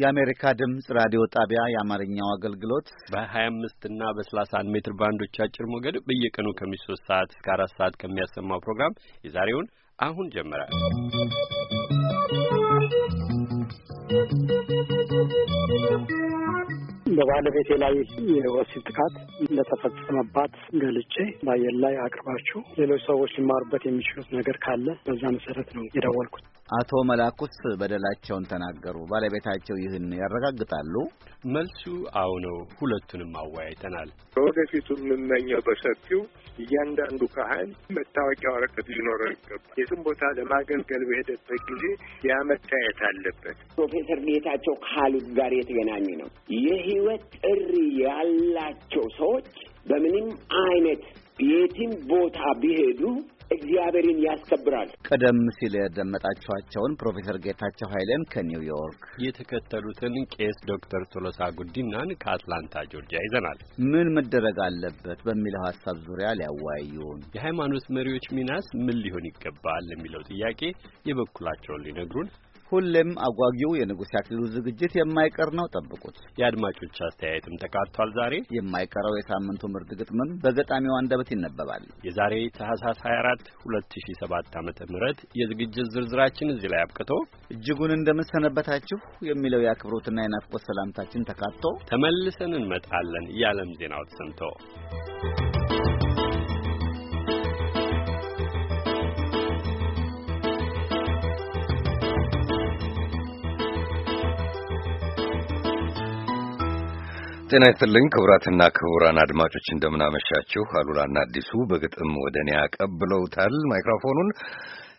የአሜሪካ ድምፅ ራዲዮ ጣቢያ የአማርኛው አገልግሎት በ25 እና በ31 ሜትር ባንዶች አጭር ሞገድ በየቀኑ ከምሽቱ 3 ሰዓት እስከ 4 ሰዓት ከሚያሰማው ፕሮግራም የዛሬውን አሁን ጀመረ። በባለቤቴ ላይ የወሲብ ጥቃት እንደተፈጸመባት ገልጬ በአየር ላይ አቅርባችሁ ሌሎች ሰዎች ሊማሩበት የሚችሉት ነገር ካለ በዛ መሰረት ነው የደወልኩት። አቶ መላኩስ በደላቸውን ተናገሩ። ባለቤታቸው ይህን ያረጋግጣሉ? መልሱ አዎ ነው። ሁለቱንም አወያይተናል። በወደፊቱ የምመኘው በሰፊው እያንዳንዱ ካህን መታወቂያ ወረቀት ሊኖረው ይገባል። የትም ቦታ ለማገልገል በሄደበት ጊዜ ያ መታየት አለበት። ፕሮፌሰር ጌታቸው ካሉት ጋር የተገናኘ ነው። የህይወት ጥሪ ያላቸው ሰዎች በምንም አይነት የቲም ቦታ ቢሄዱ እግዚአብሔርን ያስከብራል። ቀደም ሲል ያደመጣችኋቸውን ፕሮፌሰር ጌታቸው ኃይሌን ከኒውዮርክ የተከተሉትን ቄስ ዶክተር ቶሎሳ ጉዲናን ከአትላንታ ጆርጂያ ይዘናል። ምን መደረግ አለበት በሚለው ሀሳብ ዙሪያ ሊያወያዩን፣ የሃይማኖት መሪዎች ሚናስ ምን ሊሆን ይገባል የሚለው ጥያቄ የበኩላቸውን ሊነግሩን ሁሌም አጓጊው የንጉሥ አክሊሉ ዝግጅት የማይቀር ነው፣ ጠብቁት። የአድማጮች አስተያየትም ተካቷል። ዛሬ የማይቀረው የሳምንቱ ምርጥ ግጥምም በገጣሚው አንደበት ይነበባል። የዛሬ ታህሳስ 24 2007 ዓ.ም የዝግጅት ዝርዝራችን እዚህ ላይ አብቅቶ እጅጉን እንደምንሰነበታችሁ የሚለው የአክብሮትና የናፍቆት ሰላምታችን ተካቶ ተመልሰን እንመጣለን የዓለም ዜናው ተሰምቶ ጤና ይስጥልኝ ክቡራትና ክቡራን አድማጮች እንደምናመሻችሁ። አሉላና አዲሱ በግጥም ወደ እኔ ያቀብለውታል ማይክሮፎኑን።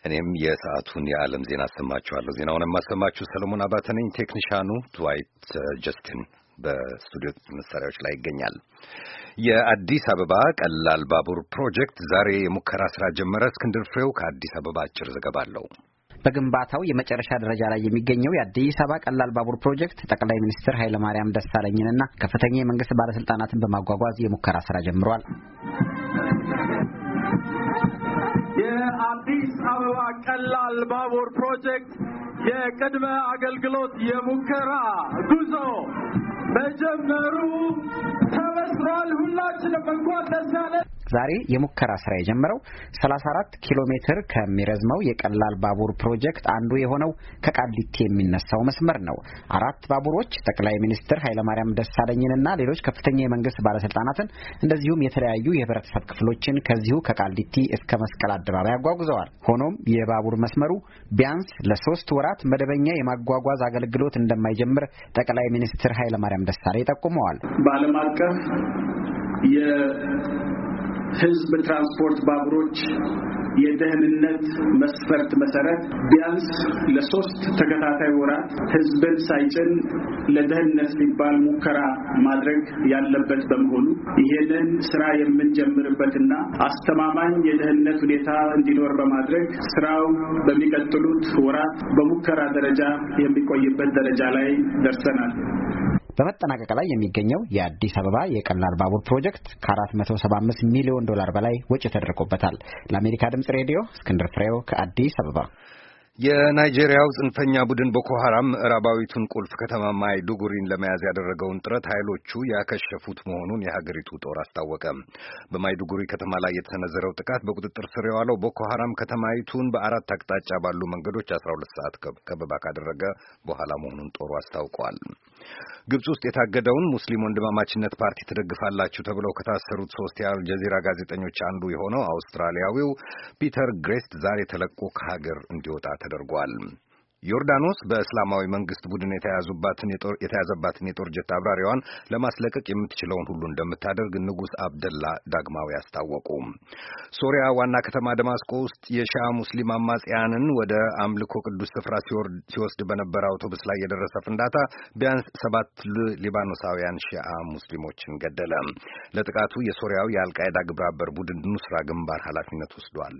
እኔም የሰዓቱን የዓለም ዜና አሰማችኋለሁ። ዜናውን የማሰማችሁ ሰለሞን አባተ ነኝ። ቴክኒሻኑ ድዋይት ጀስቲን በስቱዲዮ መሳሪያዎች ላይ ይገኛል። የአዲስ አበባ ቀላል ባቡር ፕሮጀክት ዛሬ የሙከራ ስራ ጀመረ። እስክንድር ፍሬው ከአዲስ አበባ አጭር ዘገባ አለው። በግንባታው የመጨረሻ ደረጃ ላይ የሚገኘው የአዲስ አበባ ቀላል ባቡር ፕሮጀክት ጠቅላይ ሚኒስትር ኃይለማርያም ደሳለኝንና ከፍተኛ የመንግስት ባለስልጣናትን በማጓጓዝ የሙከራ ስራ ጀምሯል። የአዲስ አበባ ቀላል ባቡር ፕሮጀክት የቅድመ አገልግሎት የሙከራ ጉዞ መጀመሩ ሁላችንም እንኳን ደስ ዛሬ የሙከራ ስራ የጀመረው 34 ኪሎ ሜትር ከሚረዝመው የቀላል ባቡር ፕሮጀክት አንዱ የሆነው ከቃሊቲ የሚነሳው መስመር ነው። አራት ባቡሮች ጠቅላይ ሚኒስትር ኃይለማርያም ደሳለኝንና ሌሎች ከፍተኛ የመንግስት ባለስልጣናትን እንደዚሁም የተለያዩ የህብረተሰብ ክፍሎችን ከዚሁ ከቃሊቲ እስከ መስቀል አደባባይ አጓጉዘዋል። ሆኖም የባቡር መስመሩ ቢያንስ ለሶስት ወራት መደበኛ የማጓጓዝ አገልግሎት እንደማይጀምር ጠቅላይ ሚኒስትር ኃይለማርያም ደሳለኝ ጠቁመዋል። በዓለም አቀፍ የህዝብ ትራንስፖርት ባቡሮች የደህንነት መስፈርት መሰረት ቢያንስ ለሶስት ተከታታይ ወራት ህዝብን ሳይጭን ለደህንነት ሲባል ሙከራ ማድረግ ያለበት በመሆኑ ይሄንን ስራ የምንጀምርበትና አስተማማኝ የደህንነት ሁኔታ እንዲኖር በማድረግ ስራው በሚቀጥሉት ወራት በሙከራ ደረጃ የሚቆይበት ደረጃ ላይ ደርሰናል። በመጠናቀቅ ላይ የሚገኘው የአዲስ አበባ የቀላል ባቡር ፕሮጀክት ከ475 ሚሊዮን ዶላር በላይ ወጪ ተደርጎበታል። ለአሜሪካ ድምጽ ሬዲዮ እስክንድር ፍሬው ከአዲስ አበባ። የናይጄሪያው ጽንፈኛ ቡድን ቦኮ ሐራም ምዕራባዊቱን ቁልፍ ከተማ ማይ ዱጉሪን ለመያዝ ያደረገውን ጥረት ኃይሎቹ ያከሸፉት መሆኑን የሀገሪቱ ጦር አስታወቀ። በማይ ዱጉሪ ከተማ ላይ የተሰነዘረው ጥቃት በቁጥጥር ስር የዋለው ቦኮ ሐራም ከተማይቱን በአራት አቅጣጫ ባሉ መንገዶች 12 ሰዓት ከበባ ካደረገ በኋላ መሆኑን ጦሩ አስታውቋል። ግብጽ ውስጥ የታገደውን ሙስሊም ወንድማማችነት ፓርቲ ትደግፋላችሁ ተብለው ከታሰሩት ሶስት የአልጀዚራ ጋዜጠኞች አንዱ የሆነው አውስትራሊያዊው ፒተር ግሬስት ዛሬ ተለቆ ከሀገር እንዲወጣ ተደርጓል። ዮርዳኖስ በእስላማዊ መንግስት ቡድን የተያዘባትን የጦር ጀት አብራሪዋን ለማስለቀቅ የምትችለውን ሁሉ እንደምታደርግ ንጉሥ አብደላ ዳግማዊ አስታወቁ። ሶሪያ ዋና ከተማ ደማስቆ ውስጥ የሺዓ ሙስሊም አማጽያንን ወደ አምልኮ ቅዱስ ስፍራ ሲወስድ በነበረ አውቶቡስ ላይ የደረሰ ፍንዳታ ቢያንስ ሰባት ሊባኖሳውያን ሺዓ ሙስሊሞችን ገደለ። ለጥቃቱ የሶሪያው የአልቃይዳ ግብረ ቡድን ኑስራ ግንባር ኃላፊነት ወስዷል።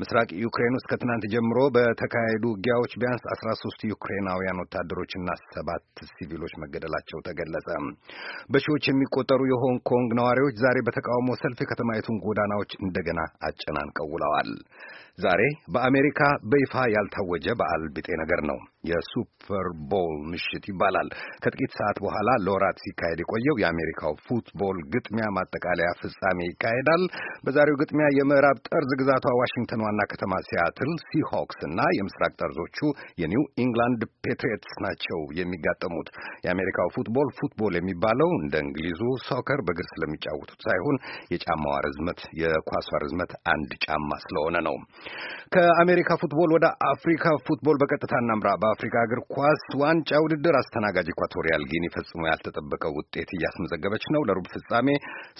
ምስራቅ ዩክሬን ውስጥ ከትናንት ጀምሮ በተካሄዱ ውጊያዎች ቢያንስ አስራ ሶስት ዩክሬናውያን ወታደሮችና ሰባት ሲቪሎች መገደላቸው ተገለጸ። በሺዎች የሚቆጠሩ የሆንግ ኮንግ ነዋሪዎች ዛሬ በተቃውሞ ሰልፍ የከተማይቱን ጎዳናዎች እንደገና አጨናንቀው ውለዋል። ዛሬ በአሜሪካ በይፋ ያልታወጀ በዓል ቢጤ ነገር ነው። የሱፐር ቦል ምሽት ይባላል። ከጥቂት ሰዓት በኋላ ለወራት ሲካሄድ የቆየው የአሜሪካው ፉትቦል ግጥሚያ ማጠቃለያ ፍጻሜ ይካሄዳል። በዛሬው ግጥሚያ የምዕራብ ጠርዝ ግዛቷ ዋሽንግተን ዋና ከተማ ሲያትል ሲሆክስ እና የምስራቅ ጠርዞቹ የኒው ኢንግላንድ ፔትሪየትስ ናቸው የሚጋጠሙት። የአሜሪካው ፉትቦል ፉትቦል የሚባለው እንደ እንግሊዙ ሶከር በእግር ስለሚጫወቱት ሳይሆን የጫማዋ ርዝመት የኳሷ ርዝመት አንድ ጫማ ስለሆነ ነው። ከአሜሪካ ፉትቦል ወደ አፍሪካ ፉትቦል በቀጥታ እናምራ። በአፍሪካ እግር ኳስ ዋንጫ ውድድር አስተናጋጅ ኢኳቶሪያል ጊኒ ፈጽሞ ያልተጠበቀ ውጤት እያስመዘገበች ነው። ለሩብ ፍጻሜ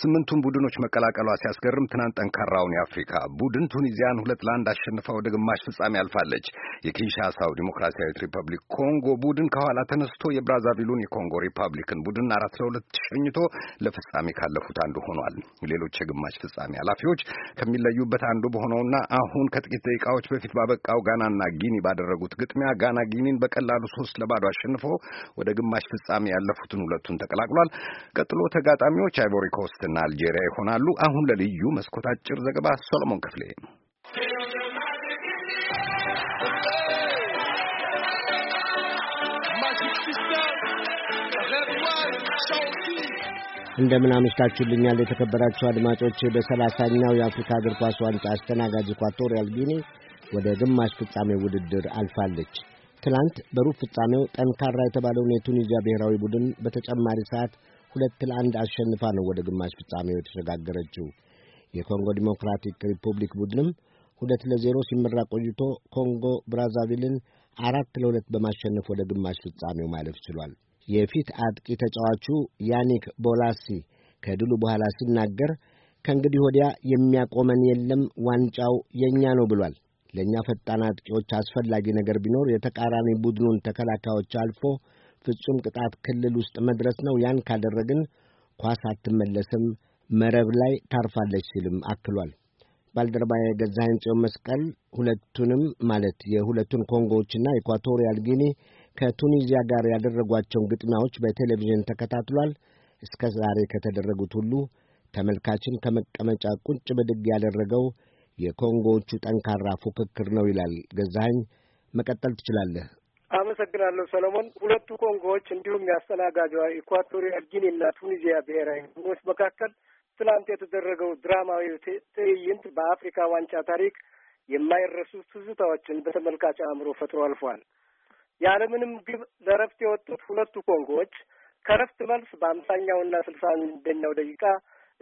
ስምንቱን ቡድኖች መቀላቀሏ ሲያስገርም፣ ትናንት ጠንካራውን የአፍሪካ ቡድን ቱኒዚያን ሁለት ለአንድ አሸንፋ ወደ ግማሽ ፍጻሜ አልፋለች። የኪንሻሳው ዲሞክራሲያዊት ሪፐብሊክ ኮንጎ ቡድን ከኋላ ተነስቶ የብራዛቪሉን የኮንጎ ሪፐብሊክን ቡድን አራት ለሁለት ሸኝቶ ለፍጻሜ ካለፉት አንዱ ሆኗል። ሌሎች የግማሽ ፍጻሜ ኃላፊዎች ከሚለዩበት አንዱ በሆነውና አሁን ከጥቂት ደቂቃዎች በፊት ባበቃው ጋናና ጊኒ ባደረጉት ግጥሚያ ጋና ጊኒን በቀላሉ ሶስት ለባዶ አሸንፎ ወደ ግማሽ ፍጻሜ ያለፉትን ሁለቱን ተቀላቅሏል። ቀጥሎ ተጋጣሚዎች አይቮሪ ና አልጄሪያ ይሆናሉ። አሁን ለልዩ መስኮት አጭር ዘገባ ሶሎሞን ክፍሌ እንደምን አመሽታችሁልኛል የተከበራችሁ አድማጮች። በሰላሳኛው የአፍሪካ እግር ኳስ ዋንጫ አስተናጋጅ ኢኳቶሪያል ጊኒ ወደ ግማሽ ፍጻሜ ውድድር አልፋለች። ትናንት በሩብ ፍጻሜው ጠንካራ የተባለውን የቱኒዚያ ብሔራዊ ቡድን በተጨማሪ ሰዓት ሁለት ለአንድ አሸንፋ ነው ወደ ግማሽ ፍጻሜው የተሸጋገረችው። የኮንጎ ዲሞክራቲክ ሪፑብሊክ ቡድንም ሁለት ለዜሮ ሲመራ ቆይቶ ኮንጎ ብራዛቪልን አራት ለሁለት በማሸነፍ ወደ ግማሽ ፍጻሜው ማለፍ ችሏል። የፊት አጥቂ ተጫዋቹ ያኒክ ቦላሲ ከድሉ በኋላ ሲናገር ከእንግዲህ ወዲያ የሚያቆመን የለም፣ ዋንጫው የእኛ ነው ብሏል። ለእኛ ፈጣን አጥቂዎች አስፈላጊ ነገር ቢኖር የተቃራኒ ቡድኑን ተከላካዮች አልፎ ፍጹም ቅጣት ክልል ውስጥ መድረስ ነው። ያን ካደረግን ኳስ አትመለስም፣ መረብ ላይ ታርፋለች ሲልም አክሏል። ባልደረባ የገዛ ህንጽዮን መስቀል ሁለቱንም ማለት የሁለቱን ኮንጎዎችና ኢኳቶሪያል ጊኒ ከቱኒዚያ ጋር ያደረጓቸውን ግጥሚያዎች በቴሌቪዥን ተከታትሏል። እስከ ዛሬ ከተደረጉት ሁሉ ተመልካችን ከመቀመጫ ቁጭ ብድግ ያደረገው የኮንጎዎቹ ጠንካራ ፉክክር ነው ይላል ገዛኸኝ። መቀጠል ትችላለህ። አመሰግናለሁ ሰለሞን። ሁለቱ ኮንጎዎች እንዲሁም የአስተናጋጇ ኢኳቶሪያል ጊኒ እና ቱኒዚያ ብሔራዊ ቡድኖች መካከል ትላንት የተደረገው ድራማዊ ትዕይንት በአፍሪካ ዋንጫ ታሪክ የማይረሱ ትዝታዎችን በተመልካች አእምሮ ፈጥሮ አልፏል። ያለምንም ግብ ለረፍት የወጡት ሁለቱ ኮንጎዎች ከረፍት መልስ በአምሳኛውና ስልሳ አንደኛው ደቂቃ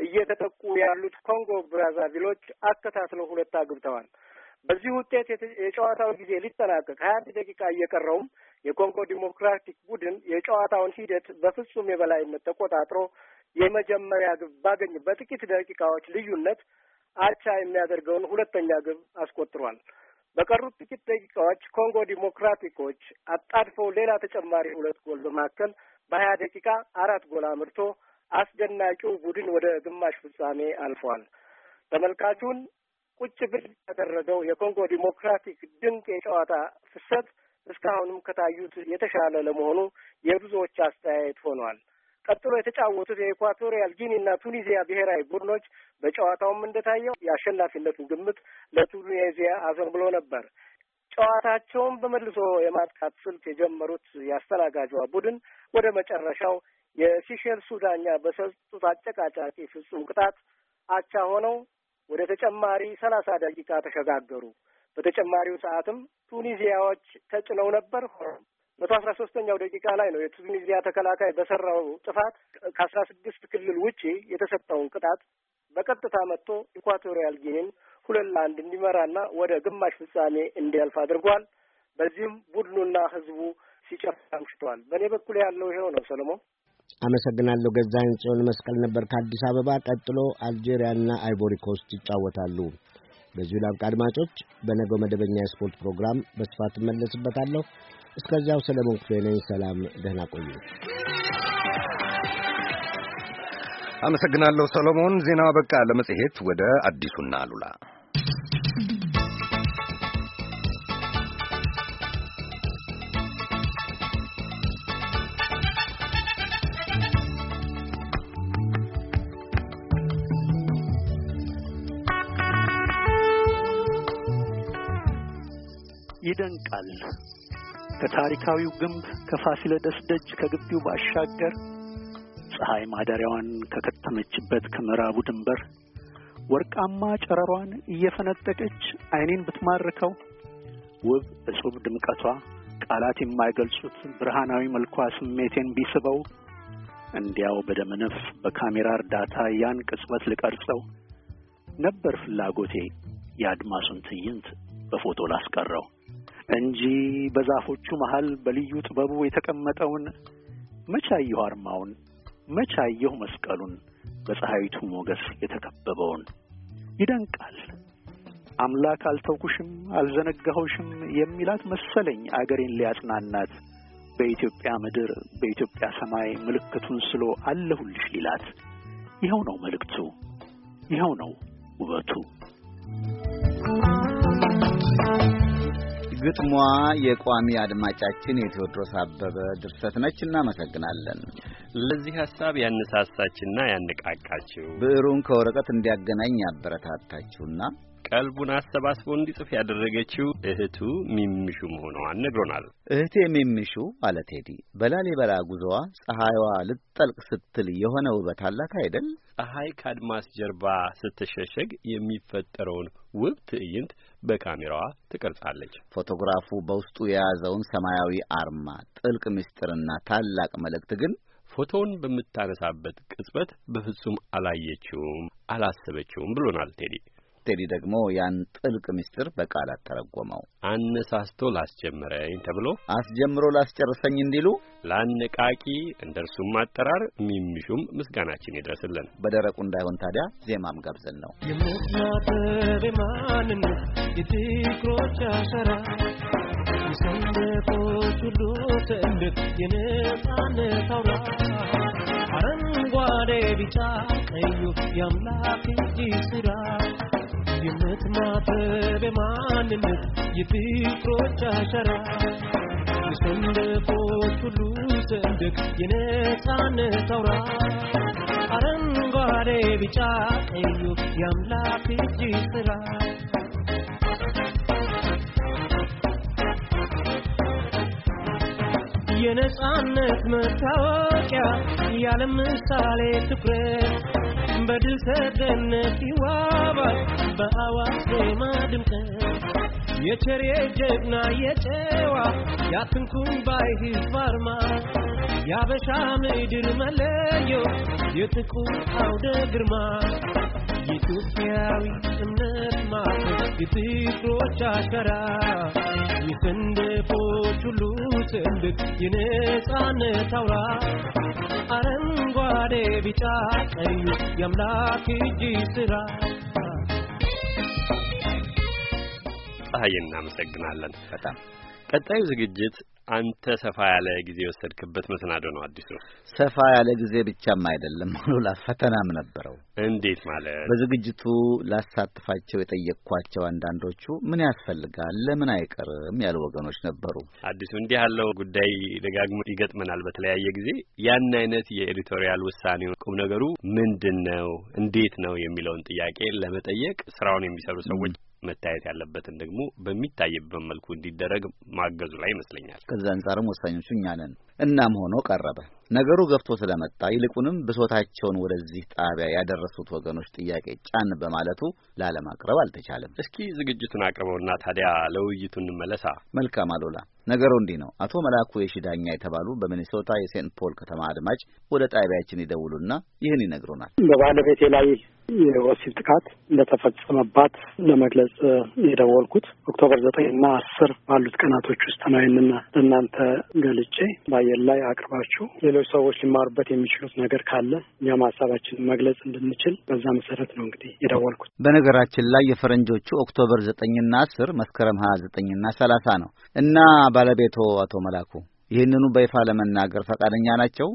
እየተጠቁ ያሉት ኮንጎ ብራዛቪሎች አከታትለው ሁለት አግብተዋል። በዚህ ውጤት የጨዋታው ጊዜ ሊጠናቀቅ ሀያ አንድ ደቂቃ እየቀረውም የኮንጎ ዲሞክራቲክ ቡድን የጨዋታውን ሂደት በፍጹም የበላይነት ተቆጣጥሮ የመጀመሪያ ግብ ባገኝ በጥቂት ደቂቃዎች ልዩነት አቻ የሚያደርገውን ሁለተኛ ግብ አስቆጥሯል። በቀሩት ጥቂት ደቂቃዎች ኮንጎ ዲሞክራቲኮች አጣድፈው ሌላ ተጨማሪ ሁለት ጎል በማከል በሀያ ደቂቃ አራት ጎል አምርቶ አስደናቂው ቡድን ወደ ግማሽ ፍጻሜ አልፏል። ተመልካቹን ቁጭ ብድ ያደረገው የኮንጎ ዲሞክራቲክ ድንቅ የጨዋታ ፍሰት እስካሁንም ከታዩት የተሻለ ለመሆኑ የብዙዎች አስተያየት ሆኗል። ቀጥሎ የተጫወቱት የኢኳቶሪያል ጊኒ እና ቱኒዚያ ብሔራዊ ቡድኖች በጨዋታውም እንደታየው የአሸናፊነቱን ግምት ለቱኒዚያ አዘን ብሎ ነበር። ጨዋታቸውን በመልሶ የማጥቃት ስልት የጀመሩት የአስተናጋጇ ቡድን ወደ መጨረሻው የሲሼልሱ ዳኛ በሰጡት አጨቃጫቂ ፍጹም ቅጣት አቻ ሆነው ወደ ተጨማሪ ሰላሳ ደቂቃ ተሸጋገሩ። በተጨማሪው ሰዓትም ቱኒዚያዎች ተጭነው ነበር። ሆኖም መቶ አስራ ሶስተኛው ደቂቃ ላይ ነው የቱኒዚያ ተከላካይ በሰራው ጥፋት ከአስራ ስድስት ክልል ውጪ የተሰጠውን ቅጣት በቀጥታ መጥቶ ኢኳቶሪያል ጊኒን ሁለት ለአንድ እንዲመራና ወደ ግማሽ ፍጻሜ እንዲያልፍ አድርጓል። በዚህም ቡድኑና ህዝቡ ሲጨፍር አምሽተዋል። በእኔ በኩል ያለው ይኸው ነው። ሰለሞን አመሰግናለሁ። ገዛኝ ጽዮን መስቀል ነበር ከአዲስ አበባ። ቀጥሎ አልጄሪያና አይቮሪ ኮስት ይጫወታሉ። በዚሁ ላብቃ አድማጮች። በነገው መደበኛ የስፖርት ፕሮግራም በስፋት እመለስበታለሁ። እስከዚያው ሰለሞን ክፍሌ ነኝ። ሰላም፣ ደህና ቆዩ። አመሰግናለሁ ሰሎሞን። ዜናው አበቃ። ለመጽሔት ወደ አዲሱና አሉላ ይደንቃል ከታሪካዊው ግንብ ከፋሲለደስ ደጅ ከግቢው ባሻገር ፀሐይ ማደሪያዋን ከከተመችበት ከምዕራቡ ድንበር ወርቃማ ጨረሯን እየፈነጠቀች ዓይኔን ብትማርከው ውብ እጹብ ድምቀቷ ቃላት የማይገልጹት ብርሃናዊ መልኳ ስሜቴን ቢስበው እንዲያው በደመነፍ በካሜራ እርዳታ ያን ቅጽበት ልቀርጸው ነበር ፍላጎቴ የአድማሱን ትዕይንት በፎቶ ላስቀረው። እንጂ በዛፎቹ መሃል በልዩ ጥበቡ የተቀመጠውን መቼ አየሁ አርማውን መቼ አየሁ መስቀሉን በፀሐይቱ ሞገስ የተከበበውን ይደንቃል። አምላክ አልተውኩሽም አልዘነጋሁሽም የሚላት መሰለኝ አገሬን ሊያጽናናት በኢትዮጵያ ምድር በኢትዮጵያ ሰማይ ምልክቱን ስሎ አለሁልሽ ሊላት። ይኸው ነው መልእክቱ፣ ይኸው ነው ውበቱ። ግጥሟ የቋሚ አድማጫችን የቴዎድሮስ አበበ ድርሰት ነች። እናመሰግናለን። ለዚህ ሀሳብ ያነሳሳችና ያነቃቃችው ብዕሩን ከወረቀት እንዲያገናኝ ያበረታታችሁና ቀልቡን አሰባስቦ እንዲጽፍ ያደረገችው እህቱ ሚምሹ መሆኗን ነግሮናል። እህቴ ሚምሹ አለ ቴዲ። በላሊበላ ጉዞዋ ፀሐይዋ ልትጠልቅ ስትል የሆነ ውበት አላት አይደል? ፀሐይ ከአድማስ ጀርባ ስትሸሸግ የሚፈጠረውን ውብ ትዕይንት በካሜራዋ ትቀርጻለች። ፎቶግራፉ በውስጡ የያዘውን ሰማያዊ አርማ፣ ጥልቅ ምስጢርና ታላቅ መልእክት ግን ፎቶውን በምታነሳበት ቅጽበት በፍጹም አላየችውም፣ አላሰበችውም ብሎናል ቴዲ። ቴዲ ደግሞ ያን ጥልቅ ምስጢር በቃላት ተረጎመው። አነሳስቶ ላስጀምረኝ ተብሎ አስጀምሮ ላስጨርሰኝ እንዲሉ ለአነቃቂ እንደ እርሱም አጠራር ሚሚሹም ምስጋናችን ይድረስልን። በደረቁ እንዳይሆን ታዲያ ዜማም ጋብዘን ነው የማንነት የትግሮች አሰራ የሰንደቆች ሁሉ የነጻነት አውራ አረንጓዴ ቢጫ ቀዩ የአምላክ እጅ ስራ የምትናፈብ የማንነት የፍቅሮች አሸራ የሰንደቆች ሁሉ ሰንደቅ የነፃነት አውራ አረንጓዴ፣ ቢጫ፣ ቀዩ የአምላክ እጅ ስራ የነፃነት መታወቂያ ያለምሳሌ ትኩረት በድል ሰገነት ይዋባል በአዋጅ ዜማ ድምቀት የቸሬ ጀግና የጨዋ ያትንኩን ባይ ህዝብ አርማ የአበሻ ምድር መለዮ የጥቁር አውደ ግርማ የኢትዮጵያዊ እምነት ማ የትግሮች አሸራ የሰንደፎች ሁሉ ሰንደቅ የነጻነት አውራ አረንጓዴ፣ ቢጫ፣ ቀዩ የአምላክ እጅ ስራ። ፀሐይ እናመሰግናለን በጣም ቀጣዩ ዝግጅት አንተ ሰፋ ያለ ጊዜ የወሰድክበት መሰናዶ ነው አዲሱ። ሰፋ ያለ ጊዜ ብቻም አይደለም አሉላ፣ ፈተናም ነበረው። እንዴት ማለት? በዝግጅቱ ላሳትፋቸው የጠየቅኳቸው አንዳንዶቹ ምን ያስፈልጋል፣ ለምን አይቀርም ያሉ ወገኖች ነበሩ። አዲሱ፣ እንዲህ ያለው ጉዳይ ደጋግሞ ይገጥመናል በተለያየ ጊዜ። ያን አይነት የኤዲቶሪያል ውሳኔው ቁም ነገሩ ምንድን ነው፣ እንዴት ነው የሚለውን ጥያቄ ለመጠየቅ ስራውን የሚሰሩ ሰዎች መታየት ያለበትን ደግሞ በሚታይበት መልኩ እንዲደረግ ማገዙ ላይ ይመስለኛል። ከዛ አንጻርም ወሳኞቹ እኛ ነን። እናም ሆኖ ቀረበ። ነገሩ ገፍቶ ስለመጣ ይልቁንም ብሶታቸውን ወደዚህ ጣቢያ ያደረሱት ወገኖች ጥያቄ ጫን በማለቱ ላለማቅረብ አልተቻለም። እስኪ ዝግጅቱን አቅርበውና ታዲያ ለውይይቱ እንመለሳ። መልካም አሉላ። ነገሩ እንዲህ ነው። አቶ መላኩ የሺዳኛ የተባሉ በሚኒሶታ የሴንት ፖል ከተማ አድማጭ ወደ ጣቢያችን ይደውሉና ይህን ይነግሩናል። በባለቤቴ ላይ የወሲብ ጥቃት እንደተፈጸመባት ለመግለጽ የደወልኩት ኦክቶበር ዘጠኝ እና አስር ባሉት ቀናቶች ውስጥ ነው። ይህንን እናንተ ገልጬ በአየር ላይ አቅርባችሁ ሌሎች ሰዎች ሊማሩበት የሚችሉት ነገር ካለ እኛም ሀሳባችን መግለጽ እንድንችል በዛ መሰረት ነው እንግዲህ የደወልኩት። በነገራችን ላይ የፈረንጆቹ ኦክቶበር ዘጠኝና አስር መስከረም ሀያ ዘጠኝና ሰላሳ ነው እና ባለቤቶ አቶ መላኩ ይህንኑ በይፋ ለመናገር ፈቃደኛ ናቸው?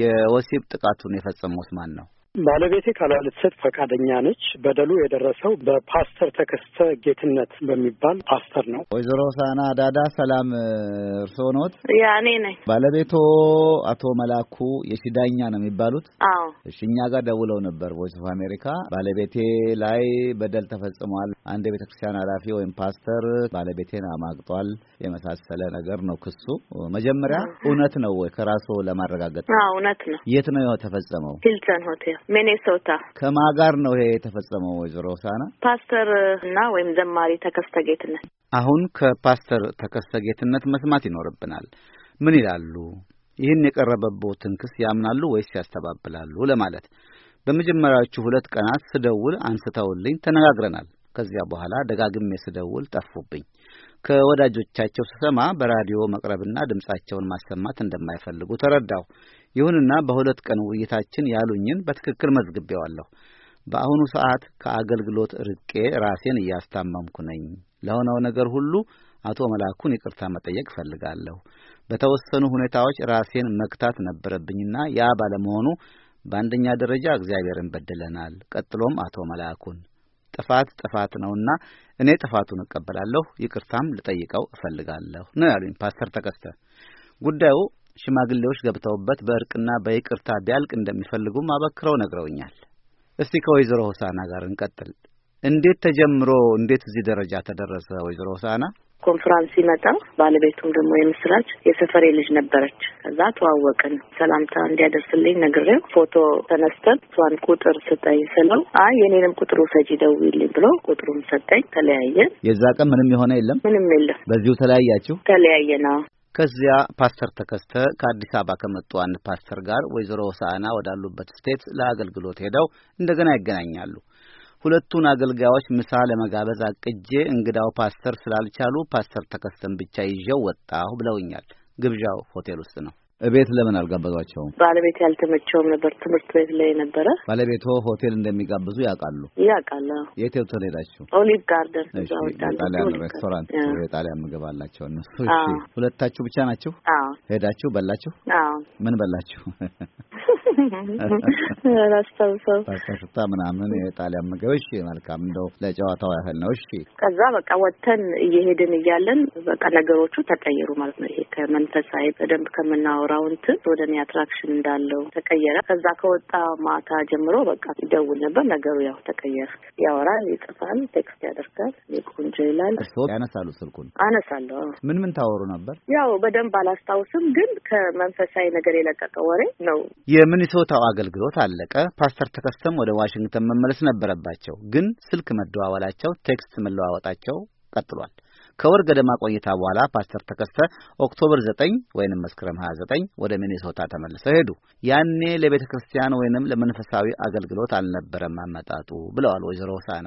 የወሲብ ጥቃቱን የፈጸመውስ ማን ነው? ባለቤቴ ቃሏን ልትሰጥ ፈቃደኛ ነች። በደሉ የደረሰው በፓስተር ተከስተ ጌትነት በሚባል ፓስተር ነው። ወይዘሮ ሳና ዳዳ ሰላም፣ እርስዎ ኖት? ያ እኔ ነኝ። ባለቤቶ አቶ መላኩ የሲዳኛ ነው የሚባሉት? አዎ። እሺ፣ እኛ ጋር ደውለው ነበር ቮይስ ኦፍ አሜሪካ። ባለቤቴ ላይ በደል ተፈጽሟል፣ አንድ የቤተ ክርስቲያን ኃላፊ ወይም ፓስተር ባለቤቴን አማግጧል የመሳሰለ ነገር ነው ክሱ። መጀመሪያ እውነት ነው ወይ ከራስዎ ለማረጋገጥ? እውነት ነው። የት ነው ተፈጸመው? ሂልተን ሆቴል ሚኔሶታ። ከማ ጋር ነው ይሄ የተፈጸመው? ወይዘሮ ሳና ፓስተር እና ወይም ዘማሪ ተከስተ ጌትነት። አሁን ከፓስተር ተከስተ ጌትነት መስማት ይኖርብናል። ምን ይላሉ? ይህን የቀረበቦትን ክስ ያምናሉ ወይስ ያስተባብላሉ ለማለት በመጀመሪያዎቹ ሁለት ቀናት ስደውል አንስተውልኝ ተነጋግረናል። ከዚያ በኋላ ደጋግሜ ስደውል ጠፉብኝ። ከወዳጆቻቸው ስሰማ በራዲዮ መቅረብና ድምፃቸውን ማሰማት እንደማይፈልጉ ተረዳሁ። ይሁንና በሁለት ቀን ውይይታችን ያሉኝን በትክክል መዝግቤዋለሁ። በአሁኑ ሰዓት ከአገልግሎት ርቄ ራሴን እያስታመምኩ ነኝ። ለሆነው ነገር ሁሉ አቶ መላኩን ይቅርታ መጠየቅ እፈልጋለሁ። በተወሰኑ ሁኔታዎች ራሴን መግታት ነበረብኝና ያ ባለመሆኑ በአንደኛ ደረጃ እግዚአብሔርን በድለናል። ቀጥሎም አቶ መላኩን ጥፋት ጥፋት ነውና እኔ ጥፋቱን እቀበላለሁ፣ ይቅርታም ልጠይቀው እፈልጋለሁ ነው ያሉኝ ፓስተር ተከስተ። ጉዳዩ ሽማግሌዎች ገብተውበት በእርቅና በይቅርታ ቢያልቅ እንደሚፈልጉም አበክረው ነግረውኛል። እስቲ ከወይዘሮ ሆሳና ጋር እንቀጥል። እንዴት ተጀምሮ እንዴት እዚህ ደረጃ ተደረሰ? ወይዘሮ ሆሳና ኮንፍራንስ ሲመጣ ባለቤቱም ደግሞ የምስራች የሰፈሬ ልጅ ነበረች። ከዛ ተዋወቅን። ሰላምታ እንዲያደርስልኝ ነግሬው ፎቶ ተነስተን እሷን ቁጥር ስጠኝ ስለው አይ የኔንም ቁጥሩ ሰጂ ደውይልኝ ብሎ ቁጥሩም ሰጠኝ። ተለያየን። የዛ ቀን ምንም የሆነ የለም፣ ምንም የለም። በዚሁ ተለያያችሁ? ተለያየና ከዚያ ፓስተር ተከስተ ከአዲስ አበባ ከመጡ አንድ ፓስተር ጋር ወይዘሮ ሆሳዕና ወዳሉበት ስቴት ለአገልግሎት ሄደው እንደገና ይገናኛሉ። ሁለቱን አገልጋዮች ምሳ ለመጋበዝ አቅጄ እንግዳው ፓስተር ስላልቻሉ ፓስተር ተከስተን ብቻ ይዤው ወጣሁ ብለውኛል። ግብዣው ሆቴል ውስጥ ነው። ቤት ለምን አልጋበዟቸውም? ባለቤት ያልተመቸውም ነበር። ትምህርት ቤት ላይ ነበረ። ባለቤቶ ሆቴል እንደሚጋብዙ ያውቃሉ ያውቃሉ። የት ሆቴል ሄዳችሁ? ኦሊቭ ጋርደን። ጣሊያን ሬስቶራንት፣ የጣሊያን ምግብ አላቸው እነሱ። ሁለታችሁ ብቻ ናችሁ ሄዳችሁ? በላችሁ? ምን በላችሁ? አላስታውሰው ሽታ ምናምን የጣሊያን ምግብ። እሺ መልካም፣ እንደው ለጨዋታው ያህል ነው። እሺ ከዛ በቃ ወጥተን እየሄድን እያለን በቃ ነገሮቹ ተቀየሩ ማለት ነው። ይሄ ከመንፈሳዊ በደንብ ከምናወራው እንትን ወደ እኔ አትራክሽን እንዳለው ተቀየረ። ከዛ ከወጣ ማታ ጀምሮ በቃ ይደውል ነበር። ነገሩ ያው ተቀየረ። ያወራል፣ ይጽፋል፣ ቴክስት ያደርጋል፣ ቆንጆ ይላል። እርስዎ ያነሳሉ ስልኩን? አነሳለሁ። ምን ምን ታወሩ ነበር? ያው በደንብ አላስታውስም፣ ግን ከመንፈሳዊ ነገር የለቀቀ ወሬ ነው። የምን የሚኔሶታው አገልግሎት አለቀ። ፓስተር ተከስተም ወደ ዋሽንግተን መመለስ ነበረባቸው፣ ግን ስልክ መደዋወላቸው፣ ቴክስት መለዋወጣቸው ቀጥሏል። ከወር ገደማ ቆይታ በኋላ ፓስተር ተከስተ ኦክቶበር 9 ወይንም መስከረም 29 ወደ ሚኔሶታ ተመልሰው ሄዱ። ያኔ ለቤተ ክርስቲያን ወይንም ለመንፈሳዊ አገልግሎት አልነበረም አመጣጡ ብለዋል ወይዘሮ ሳና።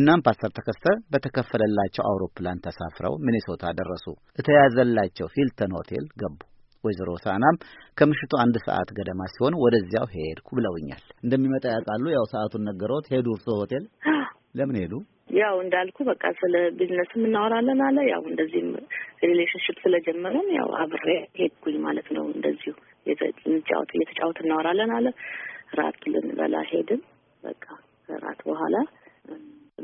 እናም ፓስተር ተከስተ በተከፈለላቸው አውሮፕላን ተሳፍረው ሚኔሶታ ደረሱ። እተያዘላቸው ሂልተን ሆቴል ገቡ። ወይዘሮ ሳናም ከምሽቱ አንድ ሰዓት ገደማ ሲሆን ወደዚያው ሄድኩ ብለውኛል። እንደሚመጣ ያውቃሉ። ያው ሰዓቱን ነገሮት ሄዱ። እርሶ ሆቴል ለምን ሄዱ? ያው እንዳልኩ በቃ ስለ ቢዝነስም እናወራለን አለ። ያው እንደዚህም ሪሌሽንሽፕ ስለጀመረን ያው አብሬ ሄድኩኝ ማለት ነው። እንደዚሁ የተጫወት እየተጫወት እናወራለን አለ። ራት ልንበላ ሄድን። በቃ ራት በኋላ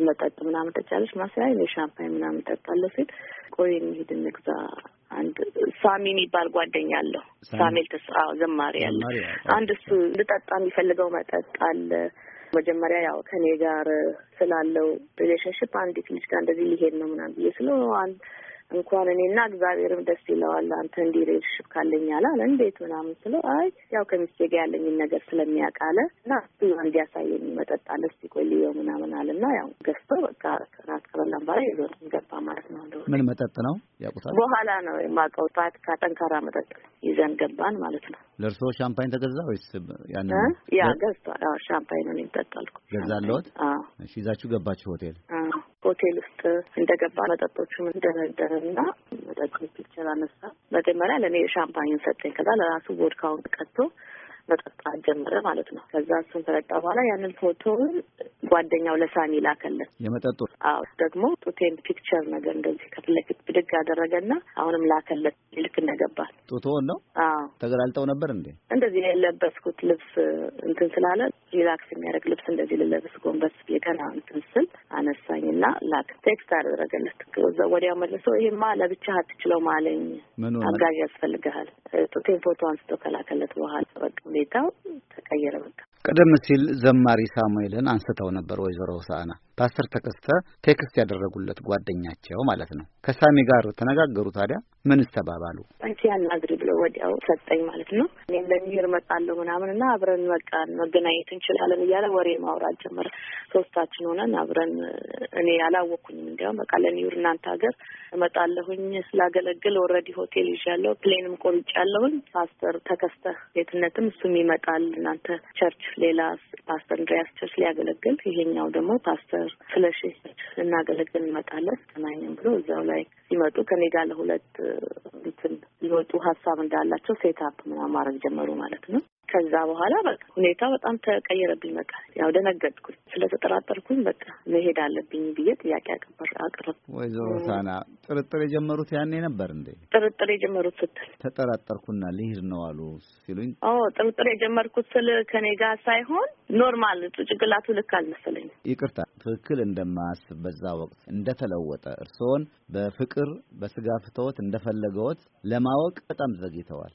መጠጥ ምናምን ጠጫለች ማስያ እኔ ሻምፓኝ ምናምን ጠጣለሁ ሲል ቆይ እንሂድ እንግዛ አንድ ሳሚ የሚባል ጓደኛ አለሁ ሳሜል ተስ ዘማሪ አለ አንድ እሱ ልጠጣ የሚፈልገው መጠጥ አለ መጀመሪያ ያው ከኔ ጋር ስላለው ሪሌሽንሽፕ አንዲት ልጅ ጋር እንደዚህ ሊሄድ ነው ምናምን ብዬ ስለ አንድ እንኳን እኔና እግዚአብሔርም ደስ ይለዋል። አንተ እንዲህ ሬልሽፕ ካለኝ አለ እንዴት ምናምን ስለው አይ ያው ከሚስቴ ጋር ያለኝን ነገር ስለሚያውቅ እና ብዙ እንዲያሳየኝ መጠጣ ለስ ቆይ ምናምን አለ እና ያው ገዝቶ በቃ ራት ከበላም በኋላ ይዞ ገባ ማለት ነው። ምን መጠጥ ነው ያውቁታል? በኋላ ነው የማውቀው። ፓትካ ጠንካራ መጠጥ ይዘን ገባን ማለት ነው። ለእርስዎ ሻምፓኝ ተገዛ ወይስ ያን ያ ገዝቷል? ሻምፓኝ ነው የሚጠጣልኩ ገዛለሁት። እሺ ይዛችሁ ገባችሁ ሆቴል ሆቴል ውስጥ እንደገባ መጠጦቹም እንደነደረና መጠጥ ፒክቸር አነሳ። መጀመሪያ ለእኔ ሻምፓኝን ሰጠኝ። ከዛ ለራሱ ቦድካውን ቀጥቶ መጠጣት ጀምረ ማለት ነው። ከዛ እሱን ተረጣ በኋላ ያንን ፎቶውን ጓደኛው ለሳሚ ላከለን። የመጠጡ አዎ፣ ደግሞ ጡቴን ፒክቸር ነገር እንደዚህ ከፊት ለፊት ብድግ አደረገና አሁንም ላከለት። ልክ እንደገባል ጡትዎን ነው። አዎ፣ ተገላልጠው ነበር እንዴ? እንደዚህ የለበስኩት ልብስ እንትን ስላለ ሪላክስ የሚያደርግ ልብስ እንደዚህ ልለብስ ጎንበስ የቀና እንትን ስል አነሳኝና ላክ ቴክስት አደረገለት። ወዲያው መልሶ ይሄማ ለብቻ አትችለውም አለኝ፣ አጋዥ ያስፈልግሃል። ጡቴን ፎቶ አንስቶ ከላከለት በኋላ በቃ ሁኔታው ተቀየረ። በቃ ቀደም ሲል ዘማሪ ሳሙኤልን አንስተው ነበር ወይዘሮ ሆሳዕና ፓስተር ተከስተ ቴክስት ያደረጉለት ጓደኛቸው ማለት ነው። ከሳሚ ጋር ተነጋገሩ። ታዲያ ምን ተባባሉ? አንቺ ያናግሪ ብሎ ወዲያው ሰጠኝ ማለት ነው። እኔም ለሚሄር መጣለሁ ምናምን እና አብረን በቃ መገናኘት እንችላለን እያለ ወሬ ማውራት ጀመረ። ሶስታችን ሆነን አብረን እኔ አላወቅኩኝም። እንዲያውም በቃ ለኒውር እናንተ ሀገር እመጣለሁኝ ስላገለግል ኦልሬዲ ሆቴል ይዣለሁ፣ ፕሌንም ቆርጫለሁኝ። ፓስተር ተከስተ ቤትነትም እሱም ይመጣል እናንተ ቸርች፣ ሌላ ፓስተር እንድሪያስ ቸርች ሊያገለግል ይሄኛው ደግሞ ፓስተር ስለሺ ልናገለግል እንመጣለን ተናኝም ብሎ እዚያው ላይ ሲመጡ ከኔ ጋር ለሁለት እንትን ሊወጡ ሀሳብ እንዳላቸው ሴት አፕ ማድረግ ጀመሩ ማለት ነው። ከዛ በኋላ በቃ ሁኔታ በጣም ተቀየረብኝ። በቃ ያው ደነገጥኩኝ፣ ስለተጠራጠርኩኝ በቃ መሄድ አለብኝ ብዬ ጥያቄ አቅበር አቅረብ። ወይዘሮ ሳና ጥርጥር የጀመሩት ያኔ ነበር እንዴ? ጥርጥር የጀመሩት ስትል ተጠራጠርኩና ልሂድ ነው አሉ ሲሉኝ፣ አዎ ጥርጥር የጀመርኩት ስል ከኔ ጋር ሳይሆን ኖርማል ጭንቅላቱ ልክ አልመሰለኝም። ይቅርታ ትክክል እንደማያስብ በዛ ወቅት እንደተለወጠ እርስዎን በፍቅር በስጋ ፍትወት እንደፈለገዎት ለማወቅ በጣም ዘግይተዋል።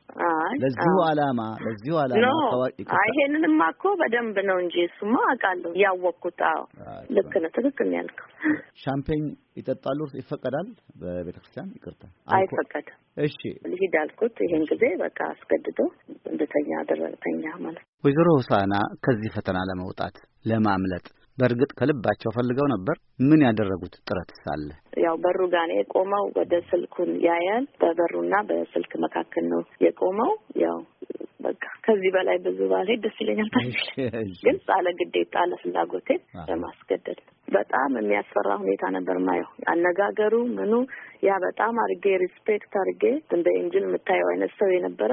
አይ ለዚሁ አላማ ለዚሁ አላማ ይሄንንም እኮ በደንብ ነው እንጂ እሱማ አውቃለሁ ያወቅኩት። አዎ ልክ ነው፣ ትክክል ነው ያልከው። ሻምፔኝ ይጠጣሉ ይፈቀዳል? በቤተ ክርስቲያን ይቅርታ፣ አይፈቀድም። እሺ ልሂድ አልኩት። ይሄን ጊዜ በቃ አስገድዶ እንድተኛ አደረገኝ ማለት ነው። ወይዘሮ ሆሳና ከዚህ ፈተና ለመውጣት ለማምለጥ በእርግጥ ከልባቸው ፈልገው ነበር? ምን ያደረጉት ጥረት ሳለ? ያው በሩ ጋኔ የቆመው ወደ ስልኩን ያያል። በበሩና በስልክ መካከል ነው የቆመው። ያው በቃ ከዚህ በላይ ብዙ ባልሄድ ደስ ይለኛል። ግን አለ ግዴታ አለ ፍላጎቴ ለማስገደድ በጣም የሚያስፈራ ሁኔታ ነበር ማየው። አነጋገሩ ምኑ ያ በጣም አድርጌ ሪስፔክት አድርጌ እንደ ኤንጅል የምታየው አይነት ሰው የነበረ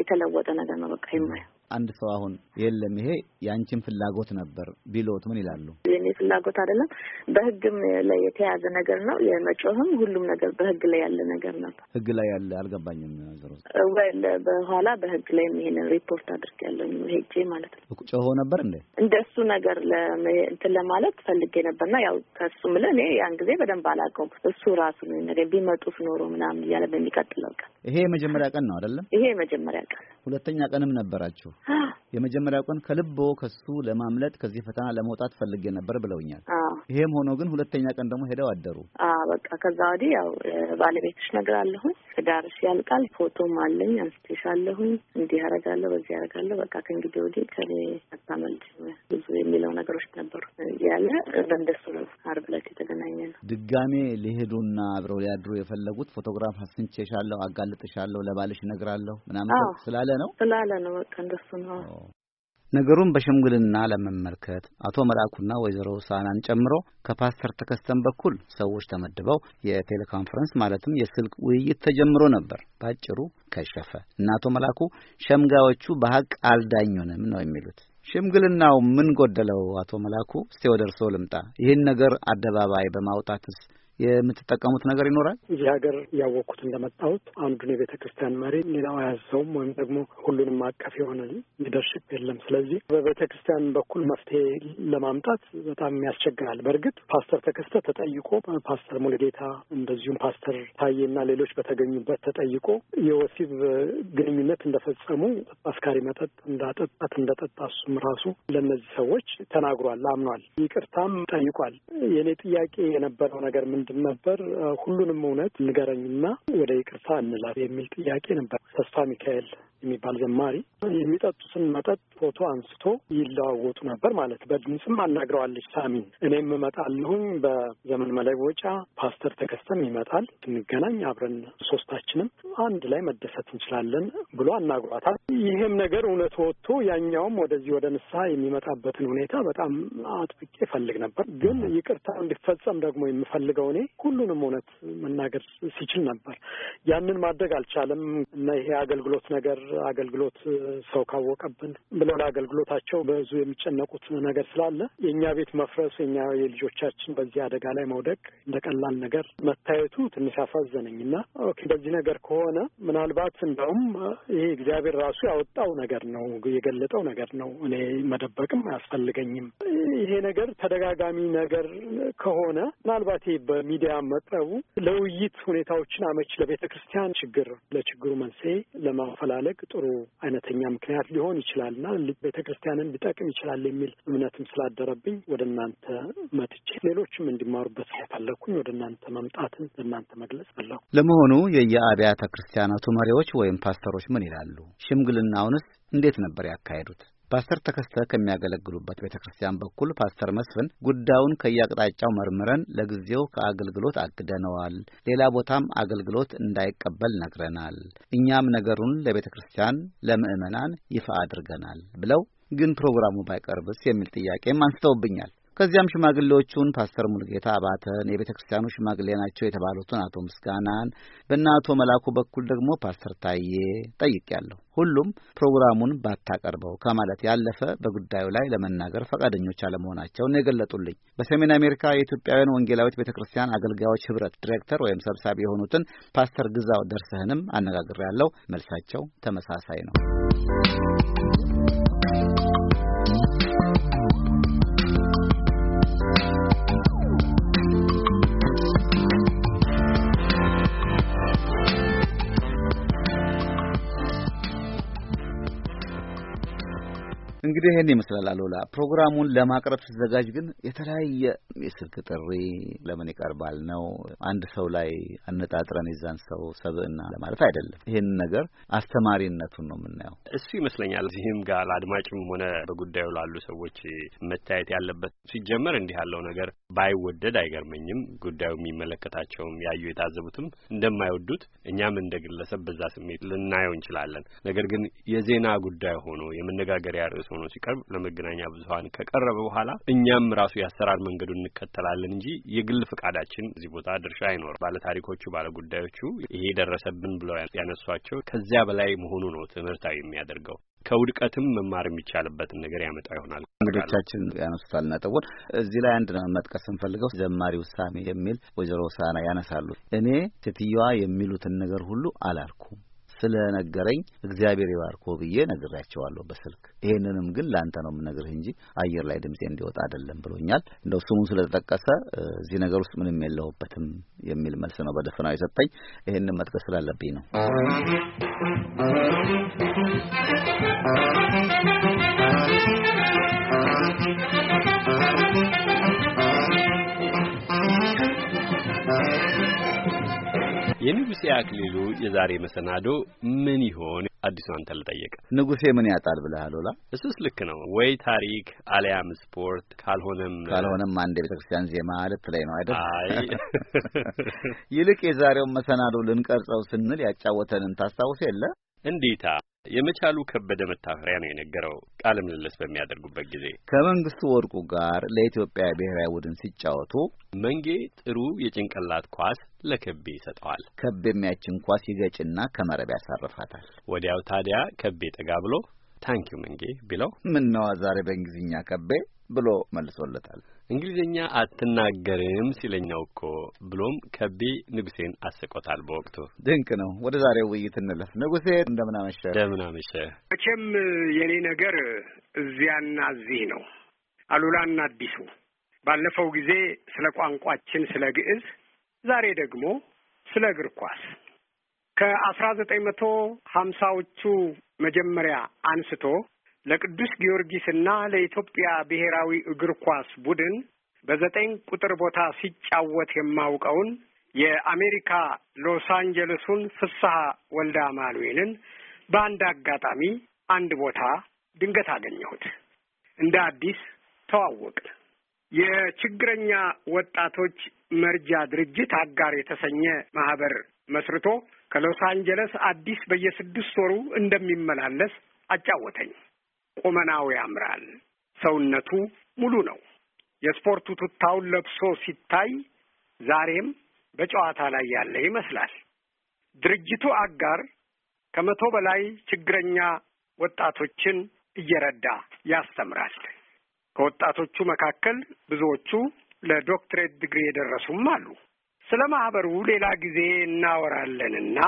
የተለወጠ ነገር ነው በቃ ይማየው አንድ ሰው አሁን የለም ይሄ የአንቺን ፍላጎት ነበር ቢሎት ምን ይላሉ? የኔ ፍላጎት አይደለም፣ በህግም ላይ የተያዘ ነገር ነው። የመጮህም ሁሉም ነገር በህግ ላይ ያለ ነገር ነው። ህግ ላይ ያለ አልገባኝም። ዘሮ ወይ በኋላ በህግ ላይ ይሄንን ሪፖርት አድርጌያለሁ ሄጄ ማለት ነው። ጮሆ ነበር እንደ እንደ እሱ ነገር እንትን ለማለት ፈልጌ ነበርና ያው ከሱ ምለ እኔ ያን ጊዜ በደንብ አላውቀውም። እሱ ራሱ ነገር ቢመጡት ኖሮ ምናምን እያለ በሚቀጥለው ቀን ይሄ የመጀመሪያ ቀን ነው አይደለም? ይሄ የመጀመሪያ ቀን። ሁለተኛ ቀንም ነበራችሁ የመጀመሪያው ቀን ከልቦ ከሱ ለማምለጥ ከዚህ ፈተና ለመውጣት ፈልጌ ነበር ብለውኛል። ይሄም ሆኖ ግን ሁለተኛ ቀን ደግሞ ሄደው አደሩ። በቃ ከዛ ወዲህ ያው ባለቤትሽ ነገር አለሁኝ ትዳርሽ ያልቃል፣ ፎቶም አለኝ አንስቴሻለሁኝ። እንዲህ ያረጋለሁ፣ በዚህ ያረጋለሁ። በቃ ከእንግዲህ ወዲህ ከኔ አታመልጭ ብዙ የሚለው ነገሮች ነበሩ ያለ በእንደሱ ነው። ዓርብ ዕለት የተገናኘ ነው። ድጋሜ ሊሄዱና አብረው ሊያድሩ የፈለጉት ፎቶግራፍ አስንቼሻለሁ፣ አጋልጥሻለሁ፣ ለባልሽ ነግራለሁ ምናምን ስላለ ነው ስላለ ነው። በቃ እንደሱ ነው። ነገሩን በሽምግልና ለመመልከት አቶ መልአኩና ወይዘሮ ሳናን ጨምሮ ከፓስተር ተከስተን በኩል ሰዎች ተመድበው የቴሌኮንፈረንስ ማለትም የስልክ ውይይት ተጀምሮ ነበር። ባጭሩ ከሸፈ እና አቶ መልአኩ ሸምጋዮቹ በሀቅ አልዳኙንም ነው የሚሉት። ሽምግልናው ምን ጎደለው? አቶ መልአኩ እስቲ ወደ እርስዎ ልምጣ። ይህን ነገር አደባባይ በማውጣትስ የምትጠቀሙት ነገር ይኖራል? እዚህ ሀገር ያወቅኩት እንደመጣሁት አንዱን የቤተ ክርስቲያን መሪ ሌላው አያዘውም ወይም ደግሞ ሁሉንም አቀፍ የሆነ ሊደርሽፕ የለም። ስለዚህ በቤተ ክርስቲያን በኩል መፍትሄ ለማምጣት በጣም ያስቸግራል። በእርግጥ ፓስተር ተከስተ ተጠይቆ ፓስተር ሙልጌታ እንደዚሁም ፓስተር ታዬና ሌሎች በተገኙበት ተጠይቆ የወሲብ ግንኙነት እንደፈጸሙ አስካሪ መጠጥ እንዳጠጣት እንደጠጣ እሱም ራሱ ለእነዚህ ሰዎች ተናግሯል፣ አምኗል፣ ይቅርታም ጠይቋል። የእኔ ጥያቄ የነበረው ነገር ምን ምንድን ነበር? ሁሉንም እውነት ንገረኝና ወደ ይቅርታ እንላል የሚል ጥያቄ ነበር። ተስፋ ሚካኤል የሚባል ዘማሪ የሚጠጡትን መጠጥ ፎቶ አንስቶ ይለዋወጡ ነበር ማለት በድምፅም አናግረዋለች ሳሚን። እኔም እመጣለሁኝ በዘመን መለወጫ ፓስተር ተከስተም ይመጣል፣ እንገናኝ፣ አብረን ሶስታችንም አንድ ላይ መደሰት እንችላለን ብሎ አናግሯታል። ይህም ነገር እውነት ወጥቶ ያኛውም ወደዚህ ወደ ንስሐ የሚመጣበትን ሁኔታ በጣም አጥብቄ ፈልግ ነበር። ግን ይቅርታ እንዲፈጸም ደግሞ የምፈልገው ስለሆነ ሁሉንም እውነት መናገር ሲችል ነበር። ያንን ማድረግ አልቻለም እና ይሄ አገልግሎት ነገር አገልግሎት ሰው ካወቀብን ብለው ለአገልግሎታቸው በብዙ የሚጨነቁት ነገር ስላለ የእኛ ቤት መፍረስ የኛ የልጆቻችን በዚህ አደጋ ላይ መውደቅ እንደ ቀላል ነገር መታየቱ ትንሽ አሳዘነኝ እና በዚህ ነገር ከሆነ ምናልባት እንደውም ይሄ እግዚአብሔር ራሱ ያወጣው ነገር ነው የገለጠው ነገር ነው። እኔ መደበቅም አያስፈልገኝም። ይሄ ነገር ተደጋጋሚ ነገር ከሆነ ምናልባት በሚዲያ መቅረቡ ለውይይት ሁኔታዎችን አመች ለቤተ ክርስቲያን ችግር ለችግሩ መንስኤ ለማፈላለግ ጥሩ አይነተኛ ምክንያት ሊሆን ይችላል እና ቤተ ክርስቲያንን ሊጠቅም ይችላል የሚል እምነትም ስላደረብኝ ወደ እናንተ መጥቼ ሌሎችም እንዲማሩበት ስለፈለግኩኝ ወደ እናንተ መምጣትን ለእናንተ መግለጽ ፈለኩ። ለመሆኑ የየአብያተ ክርስቲያናቱ መሪዎች ወይም ፓስተሮች ምን ይላሉ? ሽምግልናውንስ እንዴት ነበር ያካሄዱት? ፓስተር ተከስተ ከሚያገለግሉበት ቤተ ክርስቲያን በኩል ፓስተር መስፍን ጉዳዩን ከየአቅጣጫው መርምረን ለጊዜው ከአገልግሎት አግደነዋል፣ ሌላ ቦታም አገልግሎት እንዳይቀበል ነግረናል፣ እኛም ነገሩን ለቤተ ክርስቲያን ለምዕመናን ይፋ አድርገናል ብለው ግን ፕሮግራሙ ባይቀርብስ የሚል ጥያቄም አንስተውብኛል። ከዚያም ሽማግሌዎቹን ፓስተር ሙልጌታ አባተን የቤተ ክርስቲያኑ ሽማግሌ ናቸው የተባሉትን አቶ ምስጋናን በእነ አቶ መላኩ በኩል ደግሞ ፓስተር ታዬ ጠይቄያለሁ። ሁሉም ፕሮግራሙን ባታቀርበው ከማለት ያለፈ በጉዳዩ ላይ ለመናገር ፈቃደኞች አለመሆናቸውን የገለጡልኝ። በሰሜን አሜሪካ የኢትዮጵያውያን ወንጌላዊት ቤተ ክርስቲያን አገልጋዮች ህብረት ዲሬክተር ወይም ሰብሳቢ የሆኑትን ፓስተር ግዛው ደርሰህንም አነጋግሬያለሁ። መልሳቸው ተመሳሳይ ነው። እንግዲህ ይህን ይመስላል። አሉላ ፕሮግራሙን ለማቅረብ ሲዘጋጅ ግን የተለያየ የስልክ ጥሪ ለምን ይቀርባል ነው። አንድ ሰው ላይ አነጣጥረን የዛን ሰው ሰብእና ለማለት አይደለም። ይህን ነገር አስተማሪነቱን ነው የምናየው። እሱ ይመስለኛል እዚህም ጋር ለአድማጭም ሆነ በጉዳዩ ላሉ ሰዎች መታየት ያለበት። ሲጀመር እንዲህ ያለው ነገር ባይወደድ አይገርመኝም። ጉዳዩ የሚመለከታቸውም ያዩ የታዘቡትም እንደማይወዱት እኛም እንደ ግለሰብ በዛ ስሜት ልናየው እንችላለን። ነገር ግን የዜና ጉዳይ ሆኖ የመነጋገሪያ ርዕስ ሆኖ ሲቀርብ ለመገናኛ ብዙኃን ከቀረበ በኋላ እኛም ራሱ የአሰራር መንገዱን እንከተላለን እንጂ የግል ፈቃዳችን እዚህ ቦታ ድርሻ አይኖርም። ባለታሪኮቹ፣ ባለጉዳዮቹ ይሄ ደረሰብን ብለው ያነሷቸው ከዚያ በላይ መሆኑ ነው ትምህርታዊ የሚያደርገው። ከውድቀትም መማር የሚቻልበትን ነገር ያመጣ ይሆናል። እንግዶቻችን ያነሱታል ነጥቡን። እዚህ ላይ አንድ ነው መጥቀስ ስንፈልገው ዘማሪ ውሳሜ የሚል ወይዘሮ ሳና ያነሳሉ። እኔ ሴትየዋ የሚሉትን ነገር ሁሉ አላልኩም ስለነገረኝ እግዚአብሔር ይባርኮ ብዬ ነግሬያቸዋለሁ በስልክ። ይሄንንም ግን ለአንተ ነው የምነግርህ እንጂ አየር ላይ ድምጼ እንዲወጣ አይደለም ብሎኛል። እንደው ስሙን ስለተጠቀሰ እዚህ ነገር ውስጥ ምንም የለሁበትም የሚል መልስ ነው በደፍናው የሰጠኝ። ይሄንን መጥቀስ ስላለብኝ ነው። Thank you. የንጉሴ አክሊሉ የዛሬ መሰናዶ ምን ይሆን? አዲሱ አንተ ልጠየቅ። ንጉሴ ምን ያጣል ብለሃል ሎላ? እሱስ ልክ ነው ወይ ታሪክ አሊያም ስፖርት፣ ካልሆነም ካልሆነም አንድ የቤተ ክርስቲያን ዜማ ልትለይ ነው አይደል? አይ ይልቅ የዛሬውን መሰናዶ ልንቀርጸው ስንል ያጫወተንን ታስታውስ የለ እንዴታ የመቻሉ ከበደ መታፈሪያ ነው የነገረው ቃለ ምልልስ በሚያደርጉበት ጊዜ ከመንግስቱ ወርቁ ጋር ለኢትዮጵያ ብሔራዊ ቡድን ሲጫወቱ መንጌ ጥሩ የጭንቅላት ኳስ ለከቤ ይሰጠዋል። ከቤ የሚያችን ኳስ ይገጭና ከመረብ ያሳርፋታል። ወዲያው ታዲያ ከቤ ጠጋ ብሎ ታንኪዩ መንጌ ቢለው ምን ነዋ ዛሬ በእንግሊዝኛ ከቤ ብሎ መልሶለታል። እንግሊዝኛ አትናገርም ሲለኛው እኮ ብሎም ከቤ ንጉሴን አስቆታል። በወቅቱ ድንቅ ነው። ወደ ዛሬው ውይይት እንለፍ። ንጉሴ እንደምናመሸ እንደምናመሸ። መቼም የኔ ነገር እዚያና እዚህ ነው። አሉላና አዲሱ ባለፈው ጊዜ ስለ ቋንቋችን ስለ ግዕዝ፣ ዛሬ ደግሞ ስለ እግር ኳስ ከአስራ ዘጠኝ መቶ ሀምሳዎቹ መጀመሪያ አንስቶ ለቅዱስ ጊዮርጊስና ለኢትዮጵያ ብሔራዊ እግር ኳስ ቡድን በዘጠኝ ቁጥር ቦታ ሲጫወት የማውቀውን የአሜሪካ ሎስ አንጀለሱን ፍስሐ ወልደ አማኑኤልን በአንድ አጋጣሚ አንድ ቦታ ድንገት አገኘሁት። እንደ አዲስ ተዋወቅን። የችግረኛ ወጣቶች መርጃ ድርጅት አጋር የተሰኘ ማህበር መስርቶ ከሎስ አንጀለስ አዲስ በየስድስት ወሩ እንደሚመላለስ አጫወተኝ። ቁመናው ያምራል፣ ሰውነቱ ሙሉ ነው። የስፖርቱ ቱታውን ለብሶ ሲታይ ዛሬም በጨዋታ ላይ ያለ ይመስላል። ድርጅቱ አጋር ከመቶ በላይ ችግረኛ ወጣቶችን እየረዳ ያስተምራል። ከወጣቶቹ መካከል ብዙዎቹ ለዶክትሬት ዲግሪ የደረሱም አሉ። ስለ ማህበሩ ሌላ ጊዜ እናወራለንና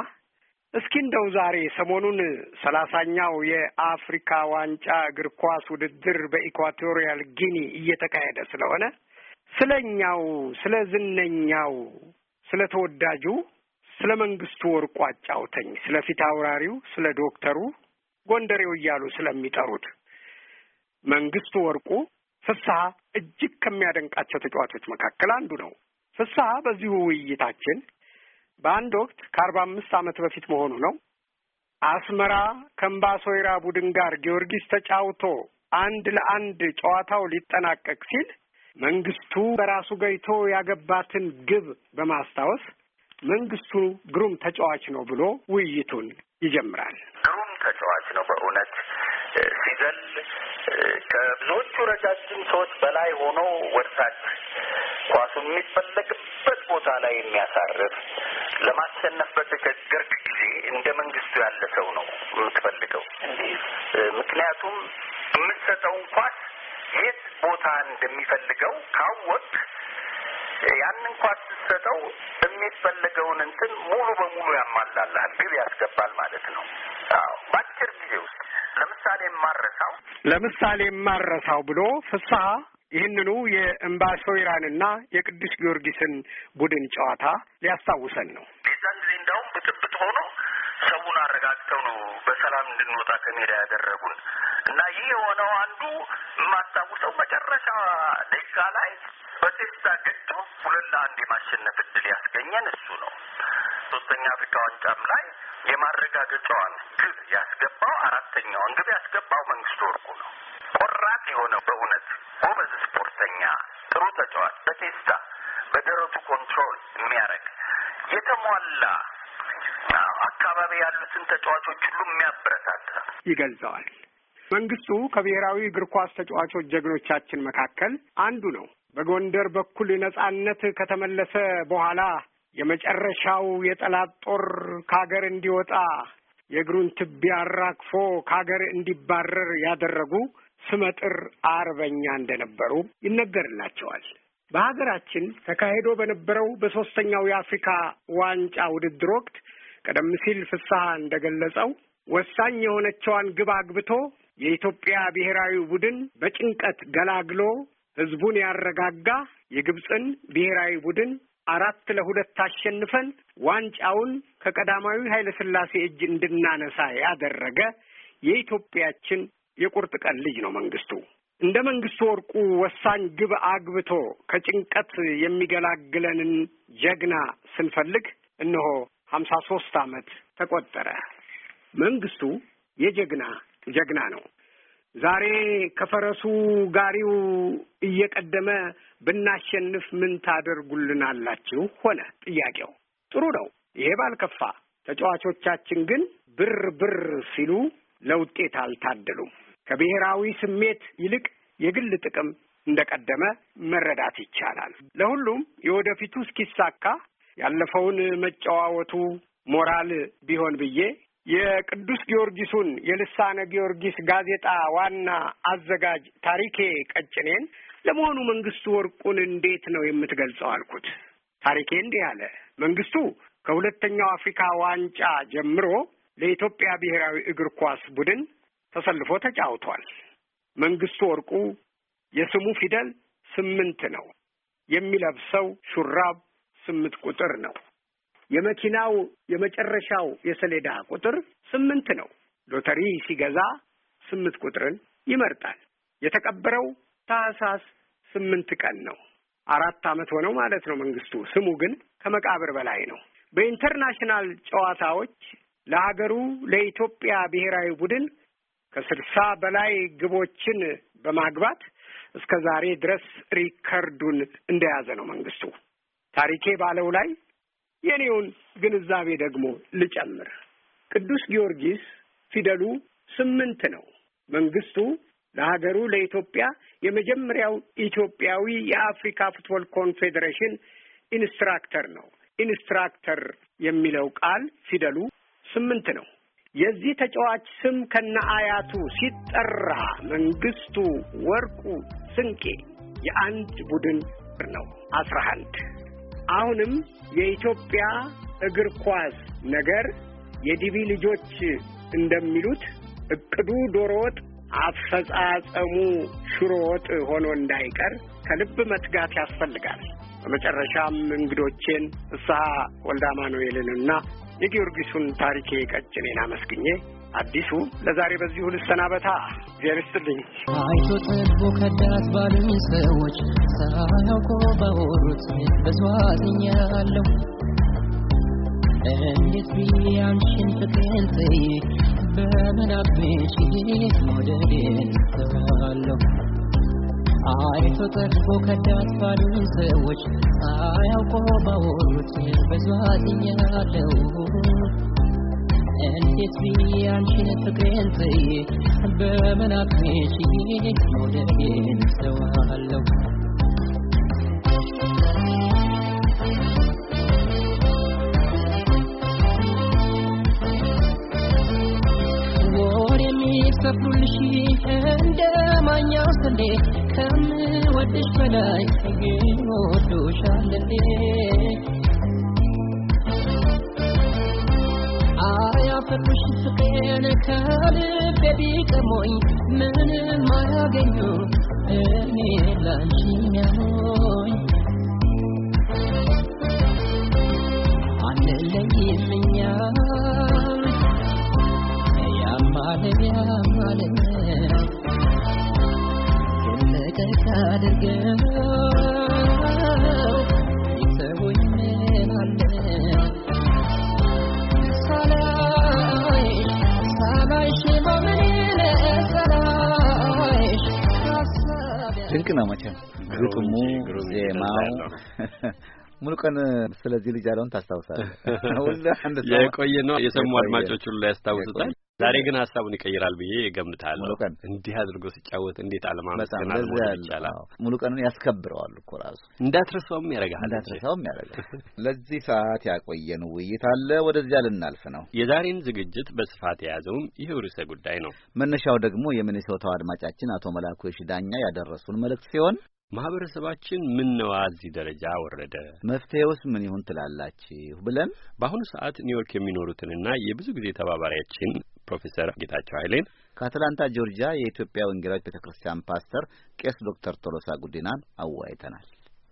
እስኪ እንደው ዛሬ ሰሞኑን ሰላሳኛው የአፍሪካ ዋንጫ እግር ኳስ ውድድር በኢኳቶሪያል ጊኒ እየተካሄደ ስለሆነ ስለኛው ስለ ዝነኛው ስለ ተወዳጁ ስለ መንግስቱ ወርቁ አጫውተኝ፣ ስለ ፊት አውራሪው፣ ስለ ዶክተሩ ጎንደሬው እያሉ ስለሚጠሩት መንግስቱ ወርቁ ፍስሐ እጅግ ከሚያደንቃቸው ተጫዋቾች መካከል አንዱ ነው። ፍስሐ በዚሁ ውይይታችን በአንድ ወቅት ከአርባ አምስት ዓመት በፊት መሆኑ ነው አስመራ ከምባሶይራ ቡድን ጋር ጊዮርጊስ ተጫውቶ አንድ ለአንድ ጨዋታው ሊጠናቀቅ ሲል መንግስቱ በራሱ ገይቶ ያገባትን ግብ በማስታወስ መንግስቱ ግሩም ተጫዋች ነው ብሎ ውይይቱን ይጀምራል። ግሩም ተጫዋች ነው በእውነት ሲዘል ከብዙዎቹ ረጃጅም ሰዎች በላይ ሆኖ ወደታች ኳሱ የሚፈለግበት ቦታ ላይ የሚያሳርፍ ለማሸነፍ በተቸገርክ ጊዜ እንደ መንግስቱ ያለ ሰው ነው የምትፈልገው። ምክንያቱም የምትሰጠውን ኳስ የት ቦታ እንደሚፈልገው ካወቅ ያንን ኳስ ስትሰጠው የሚፈለገውን እንትን ሙሉ በሙሉ ያሟላልሃል፣ ግብ ያስገባል ማለት ነው። አዎ በአጭር ጊዜ ውስጥ ለምሳሌ የማረሳው ለምሳሌ የማረሳው ብሎ ፍስሀ ይህንኑ የእምባሶይራንና የቅዱስ ጊዮርጊስን ቡድን ጨዋታ ሊያስታውሰን ነው። የዛን ጊዜ እንዳውም ብጥብጥ ሆኖ ሰውን አረጋግተው ነው በሰላም እንድንወጣ ከሜዳ ያደረጉን እና ይህ የሆነው አንዱ የማስታውሰው መጨረሻ ደቂቃ ላይ በቴስታ ገጭቶ ሁለት ለአንድ የማሸነፍ እድል ያስገኘን እሱ ነው። ሶስተኛ አፍሪካ ዋንጫም ላይ የማረጋገጫዋን ግብ ያስገባው አራተኛዋን ግብ ያስገባው መንግስቱ ወርቁ ነው። ቆራጥ የሆነ በእውነት ጎበዝ ስፖርተኛ፣ ጥሩ ተጫዋች፣ በቴስታ በደረቱ ኮንትሮል የሚያደርግ የተሟላ አካባቢ ያሉትን ተጫዋቾች ሁሉ የሚያበረታታ ይገልጸዋል። መንግስቱ ከብሔራዊ እግር ኳስ ተጫዋቾች ጀግኖቻችን መካከል አንዱ ነው። በጎንደር በኩል ነጻነት ከተመለሰ በኋላ የመጨረሻው የጠላት ጦር ከሀገር እንዲወጣ የእግሩን ትቢያ አራግፎ ከሀገር እንዲባረር ያደረጉ ስመጥር አርበኛ እንደነበሩ ይነገርላቸዋል። በሀገራችን ተካሂዶ በነበረው በሦስተኛው የአፍሪካ ዋንጫ ውድድር ወቅት ቀደም ሲል ፍስሐ እንደገለጸው ወሳኝ የሆነችዋን ግብ አግብቶ የኢትዮጵያ ብሔራዊ ቡድን በጭንቀት ገላግሎ ሕዝቡን ያረጋጋ የግብፅን ብሔራዊ ቡድን አራት ለሁለት አሸንፈን ዋንጫውን ከቀዳማዊ ኃይለ ሥላሴ እጅ እንድናነሳ ያደረገ የኢትዮጵያችን የቁርጥ ቀን ልጅ ነው መንግስቱ። እንደ መንግስቱ ወርቁ ወሳኝ ግብ አግብቶ ከጭንቀት የሚገላግለንን ጀግና ስንፈልግ እነሆ ሀምሳ ሶስት አመት ተቆጠረ። መንግስቱ የጀግና ጀግና ነው። ዛሬ ከፈረሱ ጋሪው እየቀደመ ብናሸንፍ ምን ታደርጉልናላችሁ ሆነ ጥያቄው። ጥሩ ነው፣ ይሄ ባልከፋ። ተጫዋቾቻችን ግን ብር ብር ሲሉ ለውጤት አልታደሉም። ከብሔራዊ ስሜት ይልቅ የግል ጥቅም እንደቀደመ መረዳት ይቻላል። ለሁሉም የወደፊቱ እስኪሳካ ያለፈውን መጨዋወቱ ሞራል ቢሆን ብዬ የቅዱስ ጊዮርጊሱን የልሳነ ጊዮርጊስ ጋዜጣ ዋና አዘጋጅ ታሪኬ ቀጭኔን ለመሆኑ መንግስቱ ወርቁን እንዴት ነው የምትገልጸው? አልኩት። ታሪኬ እንዲህ አለ። መንግስቱ ከሁለተኛው አፍሪካ ዋንጫ ጀምሮ ለኢትዮጵያ ብሔራዊ እግር ኳስ ቡድን ተሰልፎ ተጫውቷል። መንግስቱ ወርቁ የስሙ ፊደል ስምንት ነው። የሚለብሰው ሹራብ ስምንት ቁጥር ነው። የመኪናው የመጨረሻው የሰሌዳ ቁጥር ስምንት ነው። ሎተሪ ሲገዛ ስምንት ቁጥርን ይመርጣል። የተቀበረው ታህሳስ ስምንት ቀን ነው። አራት ዓመት ሆነው ማለት ነው መንግስቱ። ስሙ ግን ከመቃብር በላይ ነው። በኢንተርናሽናል ጨዋታዎች ለሀገሩ ለኢትዮጵያ ብሔራዊ ቡድን ከስልሳ በላይ ግቦችን በማግባት እስከ ዛሬ ድረስ ሪከርዱን እንደያዘ ነው መንግስቱ። ታሪኬ ባለው ላይ የኔውን ግንዛቤ ደግሞ ልጨምር። ቅዱስ ጊዮርጊስ ፊደሉ ስምንት ነው። መንግስቱ ለሀገሩ ለኢትዮጵያ የመጀመሪያው ኢትዮጵያዊ የአፍሪካ ፉትቦል ኮንፌዴሬሽን ኢንስትራክተር ነው። ኢንስትራክተር የሚለው ቃል ፊደሉ ስምንት ነው። የዚህ ተጫዋች ስም ከነ አያቱ ሲጠራ መንግስቱ ወርቁ ስንቄ የአንድ ቡድን ነው አስራ አንድ አሁንም የኢትዮጵያ እግር ኳስ ነገር የዲቪ ልጆች እንደሚሉት እቅዱ ዶሮ ወጥ አፈጻጸሙ ሽሮ ወጥ ሆኖ እንዳይቀር ከልብ መትጋት ያስፈልጋል። በመጨረሻም እንግዶቼን እሳ ወልዳ አማኑኤልንና የጊዮርጊሱን ታሪኬ ቀጭኔን አመስግኜ አዲሱ ለዛሬ በዚሁ ልሰናበታ። እግዚአብሔር ይስጥልኝ። አይቶ ጠግቦ ከዳት ባሉኝ ሰዎች ሳያውቁ ባወሩት ብዙ እንዴት ብዬ አንቺን ፍቅሬን ጠይቅ በምናቤሽ መውደዴን እሰዋለሁ አይቶ ጠግቦ ከዳት ባሉኝ ሰዎች አያውቆ ባወሩት ብዙ እንዴት ብዬ አንቺን ፍቅሬን ጥዬ በምን አቅሜሽ መውደዴን እሰዋለሁ? ወሬ የሚሰፍሩልሽ እንደማኝ እንዴ ከምወድሽ በላይ ግን ወዶሻል እንዴ አያፈቅሽ ፍቅሬን ከልቤ ቢቀሞኝ ምንም አያገኙ እኔ ላንቺ የሚያኖኝ አንለይም እኛ ያማልን ድንቅ ነው መቼም ግጥሙ፣ ዜማው ሙሉ ቀን ስለዚህ ልጅ ያለውን ታስታውሳለህ። የቆየ ነው የሰሙ አድማጮች ሁሉ ያስታውሱታል። ዛሬ ግን ሀሳቡን ይቀይራል ብዬ እገምታለሁ። ሙሉቀን እንዲህ አድርጎ ሲጫወት እንዴት አለማመስገን ይቻላል? ሙሉ ቀንን ያስከብረዋል እኮ ራሱ እንዳትረሳውም ያደርጋል፣ እንዳትረሳውም ያደርጋል። ለዚህ ሰዓት ያቆየን ውይይት አለ፣ ወደዚያ ልናልፍ ነው። የዛሬን ዝግጅት በስፋት የያዘውም ይህ ርዕሰ ጉዳይ ነው። መነሻው ደግሞ የሚኒሶታው አድማጫችን አቶ መላኩ የሺ ያደረሱን መልእክት ሲሆን ማህበረሰባችን ምን ነው እዚህ ደረጃ ወረደ? መፍትሄውስ ምን ይሁን ትላላችሁ? ብለን በአሁኑ ሰዓት ኒውዮርክ የሚኖሩትንና የብዙ ጊዜ ተባባሪያችን ፕሮፌሰር ጌታቸው ኃይሌን ከአትላንታ ጆርጂያ የኢትዮጵያ ወንጌላዊት ቤተ ክርስቲያን ፓስተር ቄስ ዶክተር ቶሎሳ ጉዲናን አወያይተናል።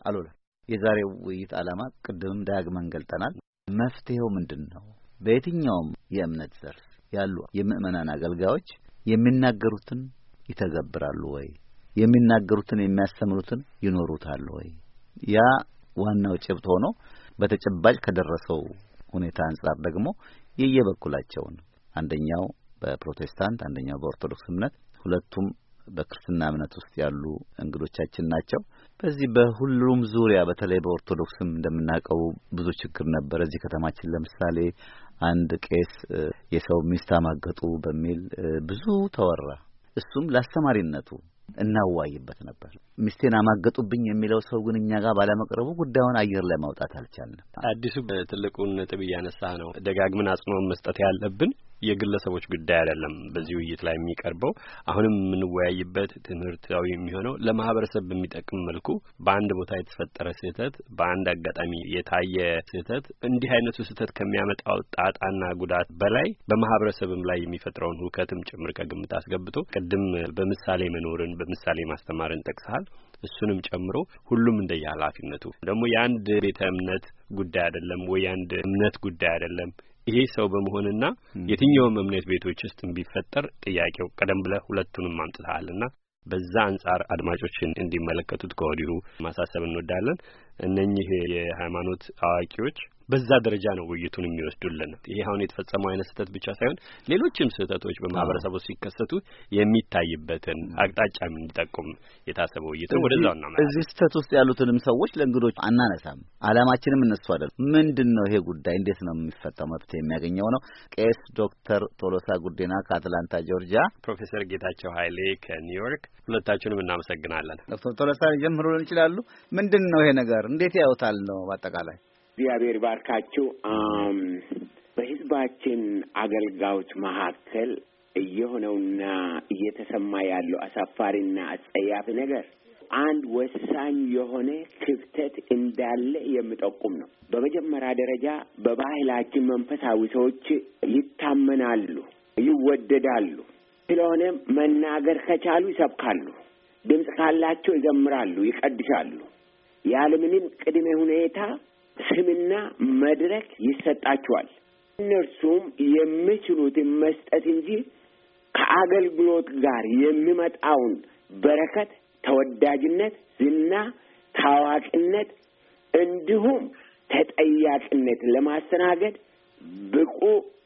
አሉላ የዛሬው ውይይት ዓላማ ቅድምም ዳግመን ገልጠናል። መፍትሄው ምንድን ነው? በየትኛውም የእምነት ዘርፍ ያሉ የምእመናን አገልጋዮች የሚናገሩትን ይተገብራሉ ወይ? የሚናገሩትን የሚያስተምሩትን ይኖሩታል ወይ? ያ ዋናው ጭብጥ ሆኖ በተጨባጭ ከደረሰው ሁኔታ አንጻር ደግሞ የየበኩላቸውን አንደኛው በፕሮቴስታንት አንደኛው በኦርቶዶክስ እምነት ሁለቱም በክርስትና እምነት ውስጥ ያሉ እንግዶቻችን ናቸው። በዚህ በሁሉም ዙሪያ በተለይ በኦርቶዶክስም እንደምናውቀው ብዙ ችግር ነበር እዚህ ከተማችን ለምሳሌ አንድ ቄስ የሰው ሚስት አማገጡ በሚል ብዙ ተወራ። እሱም ለአስተማሪነቱ እናዋይበት ነበር። ሚስቴን አማገጡብኝ የሚለው ሰው ግን እኛ ጋር ባለመቅረቡ ጉዳዩን አየር ላይ ማውጣት አልቻልንም። አዲሱ ትልቁን ነጥብ እያነሳ ነው። ደጋግምን አጽንኦን መስጠት ያለብን የግለሰቦች ጉዳይ አይደለም በዚህ ውይይት ላይ የሚቀርበው። አሁንም የምንወያይበት ትምህርታዊ የሚሆነው ለማህበረሰብ በሚጠቅም መልኩ በአንድ ቦታ የተፈጠረ ስህተት፣ በአንድ አጋጣሚ የታየ ስህተት እንዲህ አይነቱ ስህተት ከሚያመጣው ጣጣና ጉዳት በላይ በማህበረሰብም ላይ የሚፈጥረውን ሁከትም ጭምር ከግምት አስገብቶ ቅድም በምሳሌ መኖርን በምሳሌ ማስተማርን ጠቅሰሃል። እሱንም ጨምሮ ሁሉም እንደየ ኃላፊነቱ ደግሞ የአንድ ቤተ እምነት ጉዳይ አይደለም ወይ የአንድ እምነት ጉዳይ አይደለም ይሄ ሰው በመሆንና የትኛውም እምነት ቤቶች ውስጥም ቢፈጠር ጥያቄው ቀደም ብለህ ሁለቱንም አምጥተሃልና በዛ አንጻር አድማጮችን እንዲመለከቱት ከወዲሁ ማሳሰብ እንወዳለን። እነኚህ የሃይማኖት አዋቂዎች በዛ ደረጃ ነው ውይይቱን የሚወስዱልን። ይሄ አሁን የተፈጸመው አይነት ስህተት ብቻ ሳይሆን ሌሎችም ስህተቶች በማህበረሰቡ ሲከሰቱ የሚታይበትን አቅጣጫ የሚጠቁም የታሰበ ውይይት ወደዛው እና እዚህ ስህተት ውስጥ ያሉትንም ሰዎች ለእንግዶች አናነሳም። አላማችንም እነሱ አይደለም። ምንድን ነው ይሄ ጉዳይ እንዴት ነው የሚፈታው? መብት የሚያገኘው ነው። ቄስ ዶክተር ቶሎሳ ጉዲና ከአትላንታ ጆርጂያ፣ ፕሮፌሰር ጌታቸው ኃይሌ ከኒውዮርክ ሁለታችሁንም እናመሰግናለን። ዶክተር ቶሎሳ ጀምሮ ይችላሉ። ምንድን ነው ይሄ ነገር እንዴት ያውታል ነው በአጠቃላይ እግዚአብሔር ባርካችሁ። በህዝባችን አገልጋዮች መካከል እየሆነውና እየተሰማ ያለው አሳፋሪና አጸያፊ ነገር አንድ ወሳኝ የሆነ ክፍተት እንዳለ የሚጠቁም ነው። በመጀመሪያ ደረጃ በባህላችን መንፈሳዊ ሰዎች ይታመናሉ፣ ይወደዳሉ። ስለሆነም መናገር ከቻሉ ይሰብካሉ፣ ድምፅ ካላቸው ይዘምራሉ፣ ይቀድሳሉ ያለምንም ቅድመ ሁኔታ ስምና መድረክ ይሰጣቸዋል። እነርሱም የሚችሉትን መስጠት እንጂ ከአገልግሎት ጋር የሚመጣውን በረከት፣ ተወዳጅነት፣ ዝና፣ ታዋቂነት እንዲሁም ተጠያቂነት ለማስተናገድ ብቁ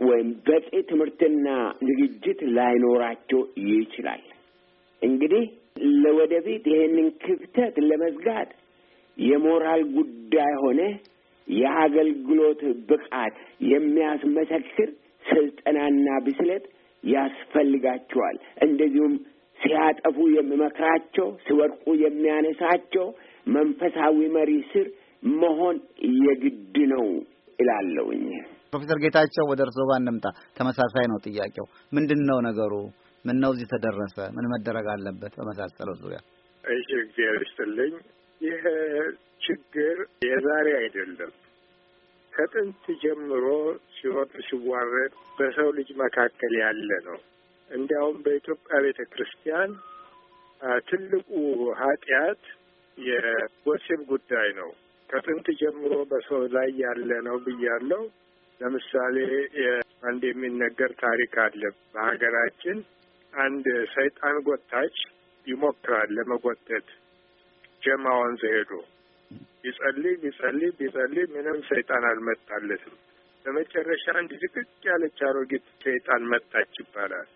ወይም በቂ ትምህርትና ዝግጅት ላይኖራቸው ይችላል። እንግዲህ ለወደፊት ይህንን ክፍተት ለመዝጋት የሞራል ጉዳይ ሆነ የአገልግሎት ብቃት የሚያስመሰክር ስልጠናና ብስለት ያስፈልጋቸዋል። እንደዚሁም ሲያጠፉ የሚመክራቸው፣ ሲወድቁ የሚያነሳቸው መንፈሳዊ መሪ ስር መሆን የግድ ነው እላለሁኝ። ፕሮፌሰር ጌታቸው ወደ እርስዎ ጋር እንምጣ። ተመሳሳይ ነው ጥያቄው። ምንድን ነው ነገሩ? ምን ነው እዚህ ተደረሰ? ምን መደረግ አለበት? በመሳሰለው ዙሪያ። እሺ፣ እግዚአብሔር ይስጥልኝ። ይህ ችግር የዛሬ አይደለም። ከጥንት ጀምሮ ሲወጥ ሲዋረድ በሰው ልጅ መካከል ያለ ነው። እንዲያውም በኢትዮጵያ ቤተ ክርስቲያን ትልቁ ኃጢአት የወሲብ ጉዳይ ነው። ከጥንት ጀምሮ በሰው ላይ ያለ ነው ብያለው። ለምሳሌ አንድ የሚነገር ታሪክ አለ። በሀገራችን አንድ ሰይጣን ጎታች ይሞክራል ለመጎተት ጀማ ወንዝ ሄዶ ቢጸልይ ቢጸልይ ቢጸልይ ምንም ሰይጣን አልመጣለትም። በመጨረሻ አንድ ዝቅቅ ያለች አሮጊት ሰይጣን መጣች ይባላል።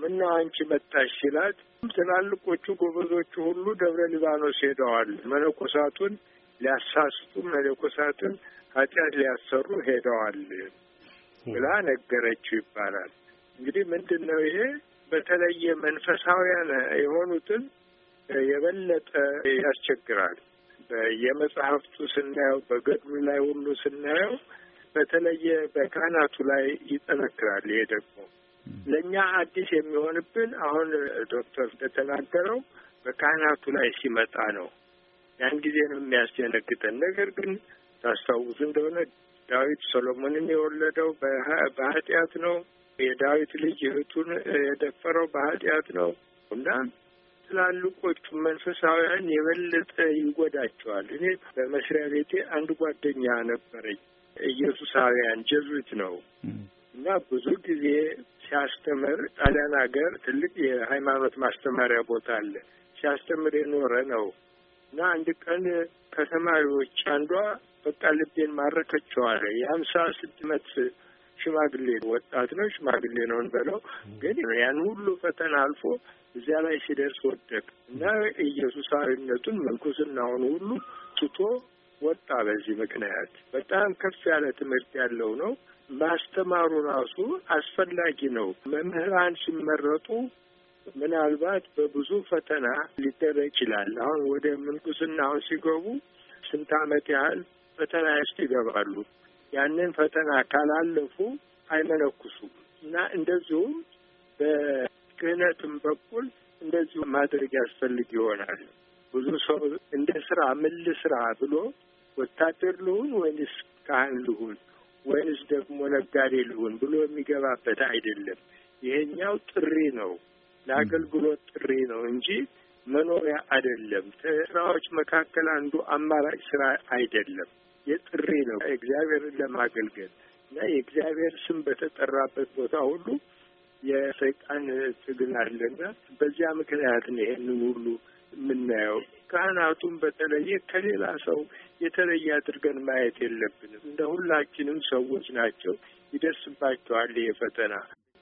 ምነው አንቺ መጣሽ ይላት። ትላልቆቹ ጎበዞቹ ሁሉ ደብረ ሊባኖስ ሄደዋል። መነኮሳቱን ሊያሳስቱ፣ መለኮሳቱን ኃጢአት ሊያሰሩ ሄደዋል ብላ ነገረችው ይባላል። እንግዲህ ምንድን ነው ይሄ? በተለየ መንፈሳውያን የሆኑትን የበለጠ ያስቸግራል። በየመጽሐፍቱ ስናየው በገድሉ ላይ ሁሉ ስናየው በተለየ በካህናቱ ላይ ይጠነክራል። ይሄ ደግሞ ለእኛ አዲስ የሚሆንብን አሁን ዶክተር እንደተናገረው በካህናቱ ላይ ሲመጣ ነው። ያን ጊዜ ነው የሚያስደነግጠን። ነገር ግን ታስታውሱ እንደሆነ ዳዊት ሰሎሞንን የወለደው በኃጢአት ነው። የዳዊት ልጅ እህቱን የደፈረው በኃጢአት ነው እና ትላልቆቹ መንፈሳውያን የበለጠ ይጎዳቸዋል። እኔ በመስሪያ ቤቴ አንድ ጓደኛ ነበረኝ። ኢየሱሳውያን ጀዙት ነው እና ብዙ ጊዜ ሲያስተምር ጣሊያን ሀገር ትልቅ የሃይማኖት ማስተማሪያ ቦታ አለ። ሲያስተምር የኖረ ነው እና አንድ ቀን ከተማሪዎች አንዷ በቃ ልቤን ማረከቸዋለ የሀምሳ ስድመት ሽማግሌ ወጣት ነው ሽማግሌ ነው እንበለው። ግን ያን ሁሉ ፈተና አልፎ እዚያ ላይ ሲደርስ ወደቅ እና ኢየሱሳዊነቱን መንኩስናውን ሁሉ ትቶ ወጣ። በዚህ ምክንያት በጣም ከፍ ያለ ትምህርት ያለው ነው። ማስተማሩ ራሱ አስፈላጊ ነው። መምህራን ሲመረጡ ምናልባት በብዙ ፈተና ሊደረግ ይችላል። አሁን ወደ ምንኩስናውን ሲገቡ ስንት ዓመት ያህል ፈተና ውስጥ ይገባሉ። ያንን ፈተና ካላለፉ አይመለኩሱ እና እንደዚሁም በክህነትም በኩል እንደዚሁ ማድረግ ያስፈልግ ይሆናል። ብዙ ሰው እንደ ስራ ምን ልስራ ብሎ ወታደር ልሁን ወይንስ ካህን ልሁን ወይንስ ደግሞ ነጋዴ ልሁን ብሎ የሚገባበት አይደለም። ይሄኛው ጥሪ ነው፣ ለአገልግሎት ጥሪ ነው እንጂ መኖሪያ አይደለም። ከስራዎች መካከል አንዱ አማራጭ ስራ አይደለም። የጥሪ ነው እግዚአብሔርን ለማገልገል እና የእግዚአብሔር ስም በተጠራበት ቦታ ሁሉ የሰይጣን ትግል አለና በዚያ ምክንያት ነው ይህንን ሁሉ የምናየው። ካህናቱን በተለየ ከሌላ ሰው የተለየ አድርገን ማየት የለብንም። እንደ ሁላችንም ሰዎች ናቸው። ይደርስባቸዋል ይሄ ፈተና።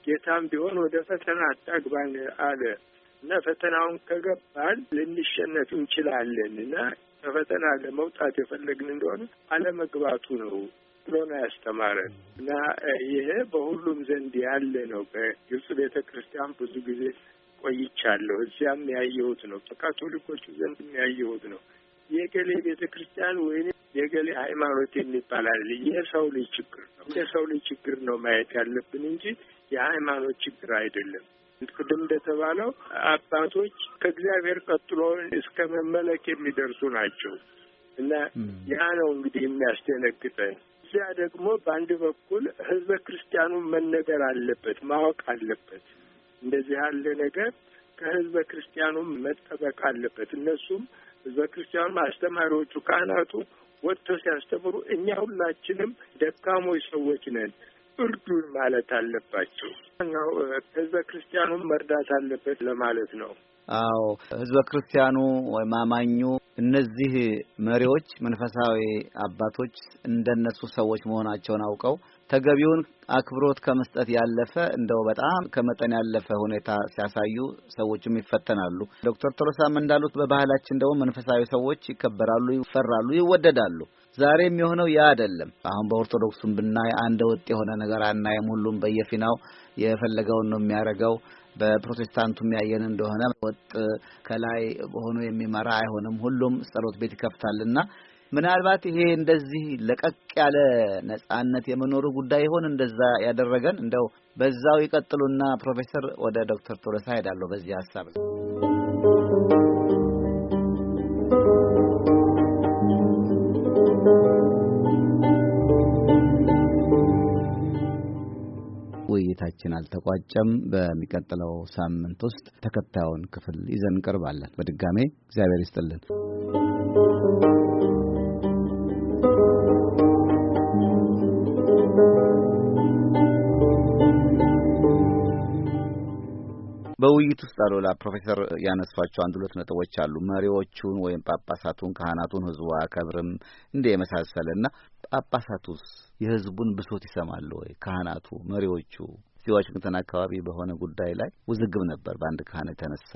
ጌታም ቢሆን ወደ ፈተና አታግባን አለ እና ፈተናውን ከገባን ልንሸነፍ እንችላለን እና ከፈተና ለመውጣት የፈለግን እንደሆነ አለመግባቱ ነው ብሎና ያስተማረን እና ይሄ በሁሉም ዘንድ ያለ ነው። በግብጽ ቤተ ክርስቲያን ብዙ ጊዜ ቆይቻለሁ። እዚያም ያየሁት ነው። በካቶሊኮቹ ዘንድ ያየሁት ነው። የገሌ ቤተ ክርስቲያን ወይም የገሌ ሃይማኖት የሚባል አለ። የሰው ልጅ ችግር ነው። የሰው ልጅ ችግር ነው ማየት ያለብን እንጂ የሃይማኖት ችግር አይደለም። ቅድም እንደተባለው አባቶች ከእግዚአብሔር ቀጥሎ እስከ መመለክ የሚደርሱ ናቸው እና ያ ነው እንግዲህ የሚያስደነግጠን። እዚያ ደግሞ በአንድ በኩል ህዝበ ክርስቲያኑን መነገር አለበት፣ ማወቅ አለበት። እንደዚህ ያለ ነገር ከህዝበ ክርስቲያኑ መጠበቅ አለበት። እነሱም ህዝበ ክርስቲያኑ አስተማሪዎቹ፣ ካህናቱ ወጥተው ሲያስተምሩ እኛ ሁላችንም ደካሞች ሰዎች ነን እርዱን ማለት አለባቸው ነው። ህዝበ ክርስቲያኑም መርዳት አለበት ለማለት ነው። አዎ ህዝበ ክርስቲያኑ ወይም አማኙ እነዚህ መሪዎች፣ መንፈሳዊ አባቶች እንደነሱ ሰዎች መሆናቸውን አውቀው ተገቢውን አክብሮት ከመስጠት ያለፈ እንደው በጣም ከመጠን ያለፈ ሁኔታ ሲያሳዩ ሰዎችም ይፈተናሉ። ዶክተር ቶሎሳም እንዳሉት በባህላችን ደግሞ መንፈሳዊ ሰዎች ይከበራሉ፣ ይፈራሉ፣ ይወደዳሉ። ዛሬ የሚሆነው ያ አይደለም። አሁን በኦርቶዶክሱም ብናይ አንድ ወጥ የሆነ ነገር አናይም። ሁሉም በየፊናው የፈለገውን ነው የሚያደርገው። በፕሮቴስታንቱም ያየን እንደሆነ ወጥ ከላይ ሆኖ የሚመራ አይሆንም። ሁሉም ጸሎት ቤት ይከፍታልና ምናልባት ይሄ እንደዚህ ለቀቅ ያለ ነጻነት የመኖሩ ጉዳይ ይሆን እንደዛ ያደረገን? እንደው በዛው ይቀጥሉና ፕሮፌሰር ወደ ዶክተር ቶለሳ ሄዳለሁ በዚህ ሀሳብ ውይይታችን አልተቋጨም። በሚቀጥለው ሳምንት ውስጥ ተከታዩን ክፍል ይዘን እንቀርባለን። በድጋሜ እግዚአብሔር ይስጥልን። በውይይት ውስጥ አሉላ ፕሮፌሰር ያነሷቸው አንድ ሁለት ነጥቦች አሉ። መሪዎቹን ወይም ጳጳሳቱን፣ ካህናቱን ህዝቡ አያከብርም እንደ የመሳሰለ እና ጳጳሳቱስ የህዝቡን ብሶት ይሰማሉ ወይ? ካህናቱ፣ መሪዎቹ የዋሽንግተን አካባቢ በሆነ ጉዳይ ላይ ውዝግብ ነበር በአንድ ካህን የተነሳ።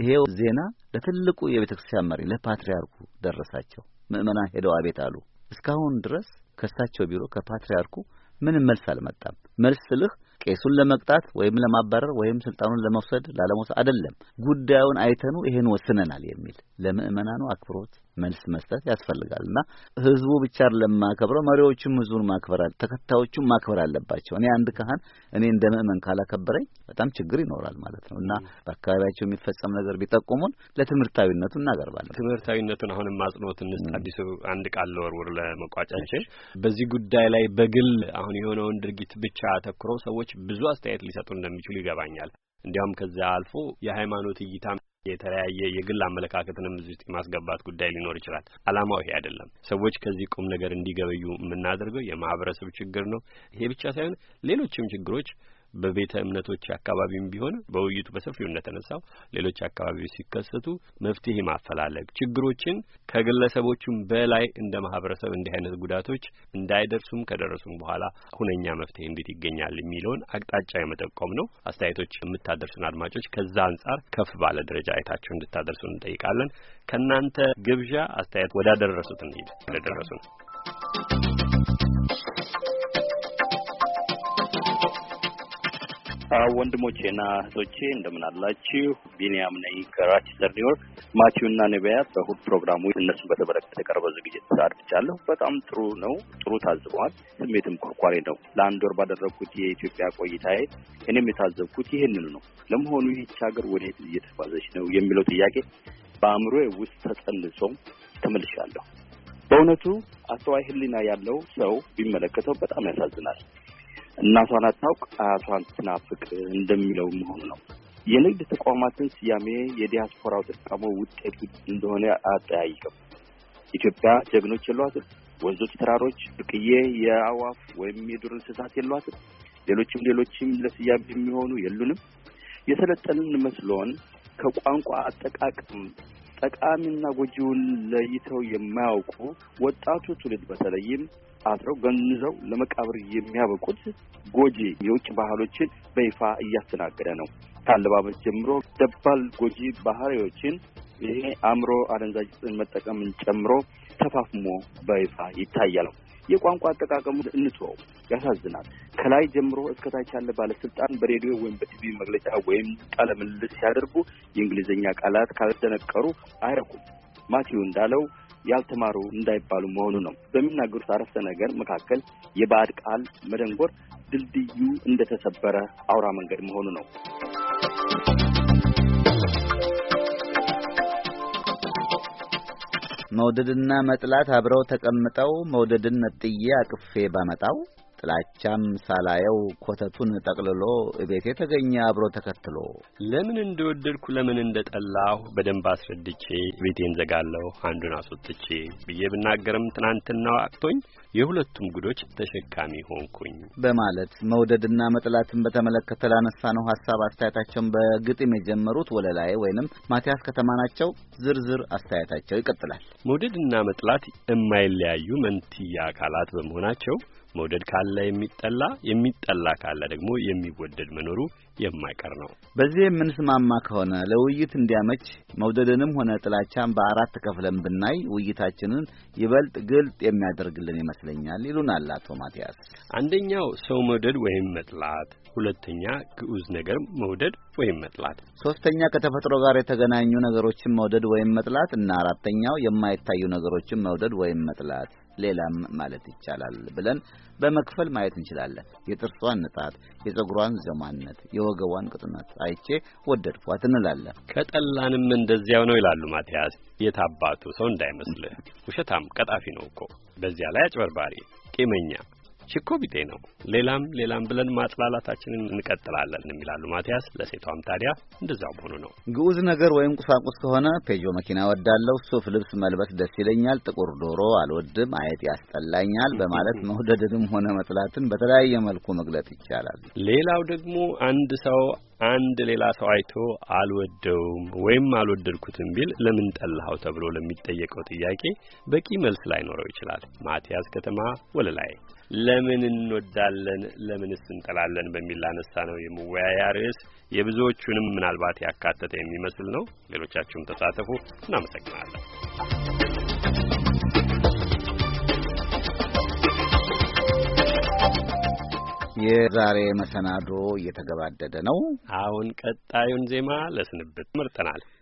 ይሄው ዜና ለትልቁ የቤተ ክርስቲያን መሪ ለፓትርያርኩ ደረሳቸው። ምእመናን ሄደው አቤት አሉ። እስካሁን ድረስ ከእሳቸው ቢሮ ከፓትርያርኩ ምንም መልስ አልመጣም። መልስ ስልህ ቄሱን ለመቅጣት ወይም ለማባረር ወይም ስልጣኑን ለመውሰድ ላለመውሰድ አይደለም። ጉዳዩን አይተኑ ይሄን ወስነናል የሚል ለምእመናኑ አክብሮት መልስ መስጠት ያስፈልጋል እና ህዝቡ ብቻ ለማከብረው መሪዎቹም ህዝቡን ማክበር ተከታዮቹም ማክበር አለባቸው። እኔ አንድ ካህን እኔ እንደ ምእመን ካላከበረኝ በጣም ችግር ይኖራል ማለት ነው እና በአካባቢያቸው የሚፈጸም ነገር ቢጠቁሙን ለትምህርታዊነቱ እናቀርባለን። ትምህርታዊነቱን አሁንም አጽንኦት እንስጥ። አዲሱ አንድ ቃል ለወርውር ለመቋጫችን በዚህ ጉዳይ ላይ በግል አሁን የሆነውን ድርጊት ብቻ አተኩረው ሰዎች ብዙ አስተያየት ሊሰጡ እንደሚችሉ ይገባኛል። እንዲያውም ከዚያ አልፎ የሃይማኖት እይታ የተለያየ የግል አመለካከትንም እዚህ ውስጥ የማስገባት ጉዳይ ሊኖር ይችላል። አላማው ይሄ አይደለም። ሰዎች ከዚህ ቁም ነገር እንዲገበዩ የምናደርገው የማህበረሰብ ችግር ነው። ይሄ ብቻ ሳይሆን ሌሎችም ችግሮች በቤተ እምነቶች አካባቢም ቢሆን በውይይቱ በሰፊው እንደተነሳው ሌሎች አካባቢዎች ሲከሰቱ መፍትሄ ማፈላለግ ችግሮችን ከግለሰቦቹም በላይ እንደ ማህበረሰብ እንዲህ አይነት ጉዳቶች እንዳይደርሱም ከደረሱም በኋላ ሁነኛ መፍትሄ እንዴት ይገኛል የሚለውን አቅጣጫ የመጠቆም ነው። አስተያየቶች የምታደርሱን አድማጮች ከዛ አንጻር ከፍ ባለ ደረጃ አይታቸው እንድታደርሱን እንጠይቃለን። ከእናንተ ግብዣ አስተያየት ወዳደረሱት እንሂድ you. ወንድሞቼና እህቶቼ እንደምን አላችሁ? ቢኒያም ነኝ ከሮቸስተር ኒውዮርክ። ማቲው ማቲዩና ነቢያት በእሁድ ፕሮግራሙ እነሱን በተመለከተ የቀረበው ዝግጅት አድምጫለሁ። በጣም ጥሩ ነው። ጥሩ ታዝበዋል። ስሜትም ኮርኳሪ ነው። ለአንድ ወር ባደረግኩት የኢትዮጵያ ቆይታዬ እኔም የታዘብኩት ይህንኑ ነው። ለመሆኑ ይህች ሀገር ወዴት እየተጓዘች ነው የሚለው ጥያቄ በአእምሮ ውስጥ ተጸንሶ ተመልሻለሁ። በእውነቱ አስተዋይ ሕሊና ያለው ሰው ቢመለከተው በጣም ያሳዝናል። እናቷን አታውቅ አያቷን ትናፍቅ እንደሚለው መሆኑ ነው። የንግድ ተቋማትን ስያሜ የዲያስፖራው ተቃውሞ ውጤቱ እንደሆነ አጠያይቅም። ኢትዮጵያ ጀግኖች የሏትም። ወንዞች፣ ተራሮች፣ ብርቅዬ የአዋፍ ወይም የዱር እንስሳት የሏትም። ሌሎችም ሌሎችም ለስያሜ የሚሆኑ የሉንም። የሰለጠንን መስሎን ከቋንቋ አጠቃቀም ጠቃሚና ጎጂውን ለይተው የማያውቁ ወጣቱ ትውልድ በተለይም አድረው ገንዘው ለመቃብር የሚያበቁት ጎጂ የውጭ ባህሎችን በይፋ እያስተናገደ ነው። ከአለባበስ ጀምሮ ደባል ጎጂ ባህሪዎችን ይሄ አእምሮ አደንዛዥ መጠቀምን ጨምሮ ተፋፍሞ በይፋ ይታያል። የቋንቋ አጠቃቀሙ እንትወው ያሳዝናል። ከላይ ጀምሮ እስከታች ያለ ባለስልጣን በሬዲዮ ወይም በቲቪ መግለጫ ወይም ቃለ ምልልስ ሲያደርጉ የእንግሊዝኛ ቃላት ካልደነቀሩ አይረኩም። ማቲው እንዳለው ያልተማሩ እንዳይባሉ መሆኑ ነው። በሚናገሩት አረፍተ ነገር መካከል የባዕድ ቃል መደንጎር ድልድዩ እንደተሰበረ አውራ መንገድ መሆኑ ነው። መውደድና መጥላት አብረው ተቀምጠው መውደድን መጥዬ አቅፌ ባመጣው ጥላቻም ሳላየው ኮተቱን ጠቅልሎ እቤቴ ተገኘ አብሮ ተከትሎ ለምን እንደወደድኩ ለምን እንደጠላሁ በደንብ አስረድቼ ቤቴን ዘጋለሁ አንዱን አስወጥቼ ብዬ ብናገርም ትናንትናው አቅቶኝ የሁለቱም ጉዶች ተሸካሚ ሆንኩኝ በማለት መውደድና መጥላትን በተመለከተ ላነሳ ነው ሀሳብ አስተያየታቸውን በግጥም የጀመሩት ወለላዬ ወይንም ማቲያስ ከተማ ናቸው። ዝርዝር አስተያየታቸው ይቀጥላል። መውደድና መጥላት የማይለያዩ መንትያ አካላት በመሆናቸው መውደድ ካለ የሚጠላ የሚጠላ ካለ ደግሞ የሚወደድ መኖሩ የማይቀር ነው። በዚህ የምንስማማ ከሆነ ለውይይት እንዲያመች መውደድንም ሆነ ጥላቻን በአራት ከፍለን ብናይ ውይይታችንን ይበልጥ ግልጥ የሚያደርግልን ይመስለኛል ይሉናል አቶ ማቲያስ። አንደኛው ሰው መውደድ ወይም መጥላት፣ ሁለተኛ ግዑዝ ነገር መውደድ ወይም መጥላት፣ ሶስተኛ ከተፈጥሮ ጋር የተገናኙ ነገሮችን መውደድ ወይም መጥላት እና አራተኛው የማይታዩ ነገሮችን መውደድ ወይም መጥላት ሌላም ማለት ይቻላል ብለን በመክፈል ማየት እንችላለን። የጥርሷን ንጣት፣ የፀጉሯን ዘማነት፣ የወገቧን ቅጥነት አይቼ ወደድኳት እንላለን። ከጠላንም እንደዚያው ነው ይላሉ ማቲያስ። የታባቱ ሰው እንዳይመስልህ፣ ውሸታም ቀጣፊ ነው እኮ በዚያ ላይ አጭበርባሪ፣ ቂመኛ ሽኮቢጤ ነው። ሌላም ሌላም ብለን ማጥላላታችንን እንቀጥላለን የሚላሉ ማቲያስ። ለሴቷም ታዲያ እንደዛው መሆኑ ነው። ግዑዝ ነገር ወይም ቁሳቁስ ከሆነ ፔጆ መኪና ወዳለው ሱፍ ልብስ መልበስ ደስ ይለኛል፣ ጥቁር ዶሮ አልወድም፣ አየጥ ያስጠላኛል በማለት መውደድንም ሆነ መጥላትን በተለያየ መልኩ መግለጥ ይቻላል። ሌላው ደግሞ አንድ ሰው አንድ ሌላ ሰው አይቶ አልወደውም ወይም አልወደድኩትም ቢል ለምን ጠላኸው ተብሎ ለሚጠየቀው ጥያቄ በቂ መልስ ላይኖረው ይችላል። ማቲያስ ከተማ ወለላይ ለምን እንወዳለን ለምንስ እንጠላለን በሚል ላነሳ ነው የመወያያ ርዕስ የብዙዎቹንም ምናልባት ያካተተ የሚመስል ነው። ሌሎቻችሁም ተሳተፉ። እናመሰግናለን። የዛሬ መሰናዶ እየተገባደደ ነው። አሁን ቀጣዩን ዜማ ለስንብት መርጠናል።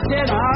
será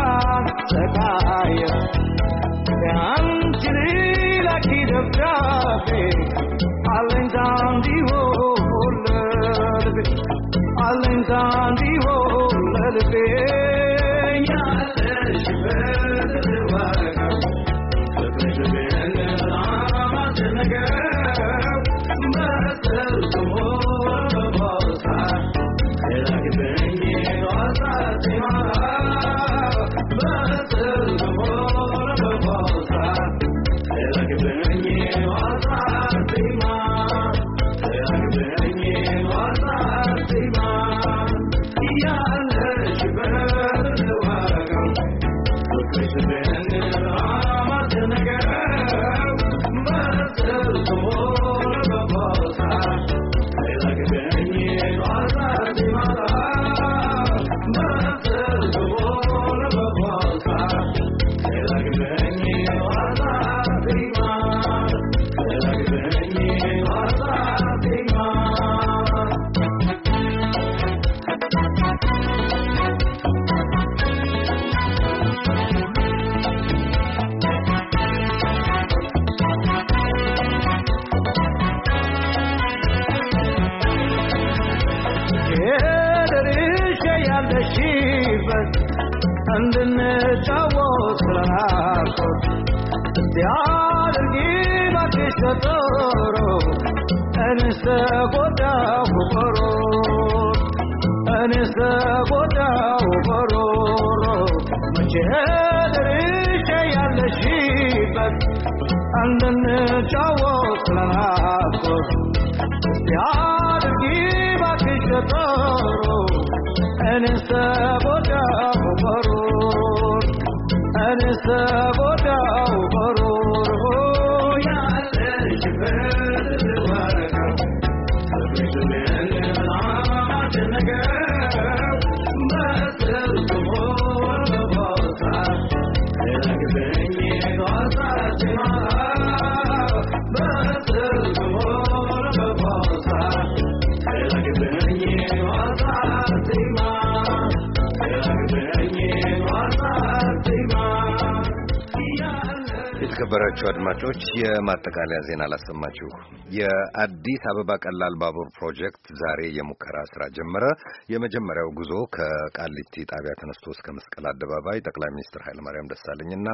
የተከበራችሁ አድማጮች የማጠቃለያ ዜና ላሰማችሁ የአዲስ አበባ ቀላል ባቡር ፕሮጀክት ዛሬ የሙከራ ስራ ጀመረ። የመጀመሪያው ጉዞ ከቃሊቲ ጣቢያ ተነስቶ እስከ መስቀል አደባባይ ጠቅላይ ሚኒስትር ኃይለማርያም ደሳለኝና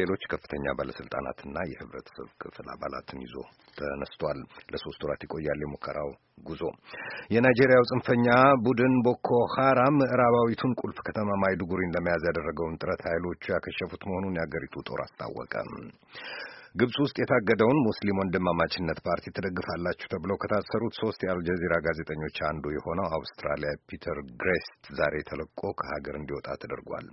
ሌሎች ከፍተኛ ባለስልጣናትና የህብረተሰብ ክፍል አባላትን ይዞ ተነስቷል። ለሶስት ወራት ይቆያል የሙከራው ጉዞ የናይጄሪያው ጽንፈኛ ቡድን ቦኮ ሃራም ምዕራባዊቱን ቁልፍ ከተማ ማይዱጉሪን ለመያዝ ያደረገውን ጥረት ኃይሎቹ ያከሸፉት መሆኑን የአገሪቱ ጦር አስታወቀ። ግብፅ ውስጥ የታገደውን ሙስሊም ወንድማማችነት ፓርቲ ትደግፋላችሁ ተብለው ከታሰሩት ሶስት የአልጀዚራ ጋዜጠኞች አንዱ የሆነው አውስትራሊያ ፒተር ግሬስት ዛሬ ተለቆ ከሀገር እንዲወጣ ተደርጓል።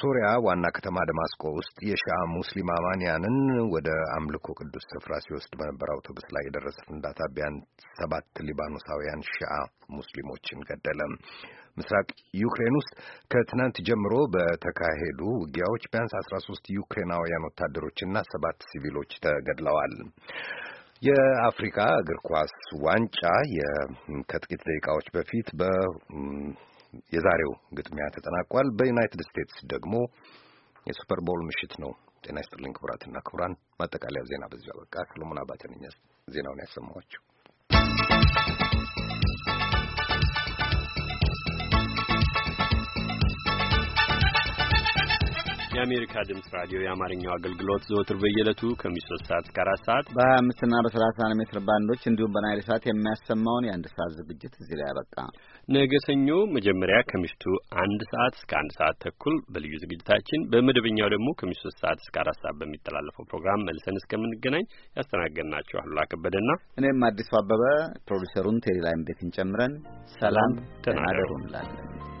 ሶሪያ ዋና ከተማ ደማስቆ ውስጥ የሺአ ሙስሊም አማንያንን ወደ አምልኮ ቅዱስ ስፍራ ሲወስድ በነበር አውቶቡስ ላይ የደረሰ ፍንዳታ ቢያንስ ሰባት ሊባኖሳውያን ሺአ ሙስሊሞችን ገደለ። ምስራቅ ዩክሬን ውስጥ ከትናንት ጀምሮ በተካሄዱ ውጊያዎች ቢያንስ አስራ ሶስት ዩክሬናውያን ወታደሮችና ሰባት ሲቪሎች ተገድለዋል። የአፍሪካ እግር ኳስ ዋንጫ ከጥቂት ደቂቃዎች በፊት በ የዛሬው ግጥሚያ ተጠናቋል። በዩናይትድ ስቴትስ ደግሞ የሱፐር ቦል ምሽት ነው። ጤና ይስጥልኝ ክቡራትና ክቡራን፣ ማጠቃለያ ዜና በዚ አበቃ። ሰሎሞን አባተ ነኝ ዜናውን ያሰማኋችሁ። የአሜሪካ ድምጽ ራዲዮ የአማርኛው አገልግሎት ዘወትር በየዕለቱ ከምሽቱ ሶስት ሰዓት እስከ አራት ሰዓት በሀያ አምስትና በሰላሳ ሜትር ባንዶች እንዲሁም በናይል ሰዓት የሚያሰማውን የአንድ ሰዓት ዝግጅት እዚህ ላይ ያበቃ። ነገ ሰኞ መጀመሪያ ከምሽቱ አንድ ሰዓት እስከ አንድ ሰዓት ተኩል በልዩ ዝግጅታችን፣ በመደበኛው ደግሞ ከምሽቱ ሶስት ሰዓት እስከ አራት ሰዓት በሚተላለፈው ፕሮግራም መልሰን እስከምንገናኝ ያስተናገድናችሁ አሉላ ከበደና እኔም አዲሱ አበበ ፕሮዲሰሩን ቴሌላይም ቤትን ጨምረን ሰላም ተናደሩ እንላለን።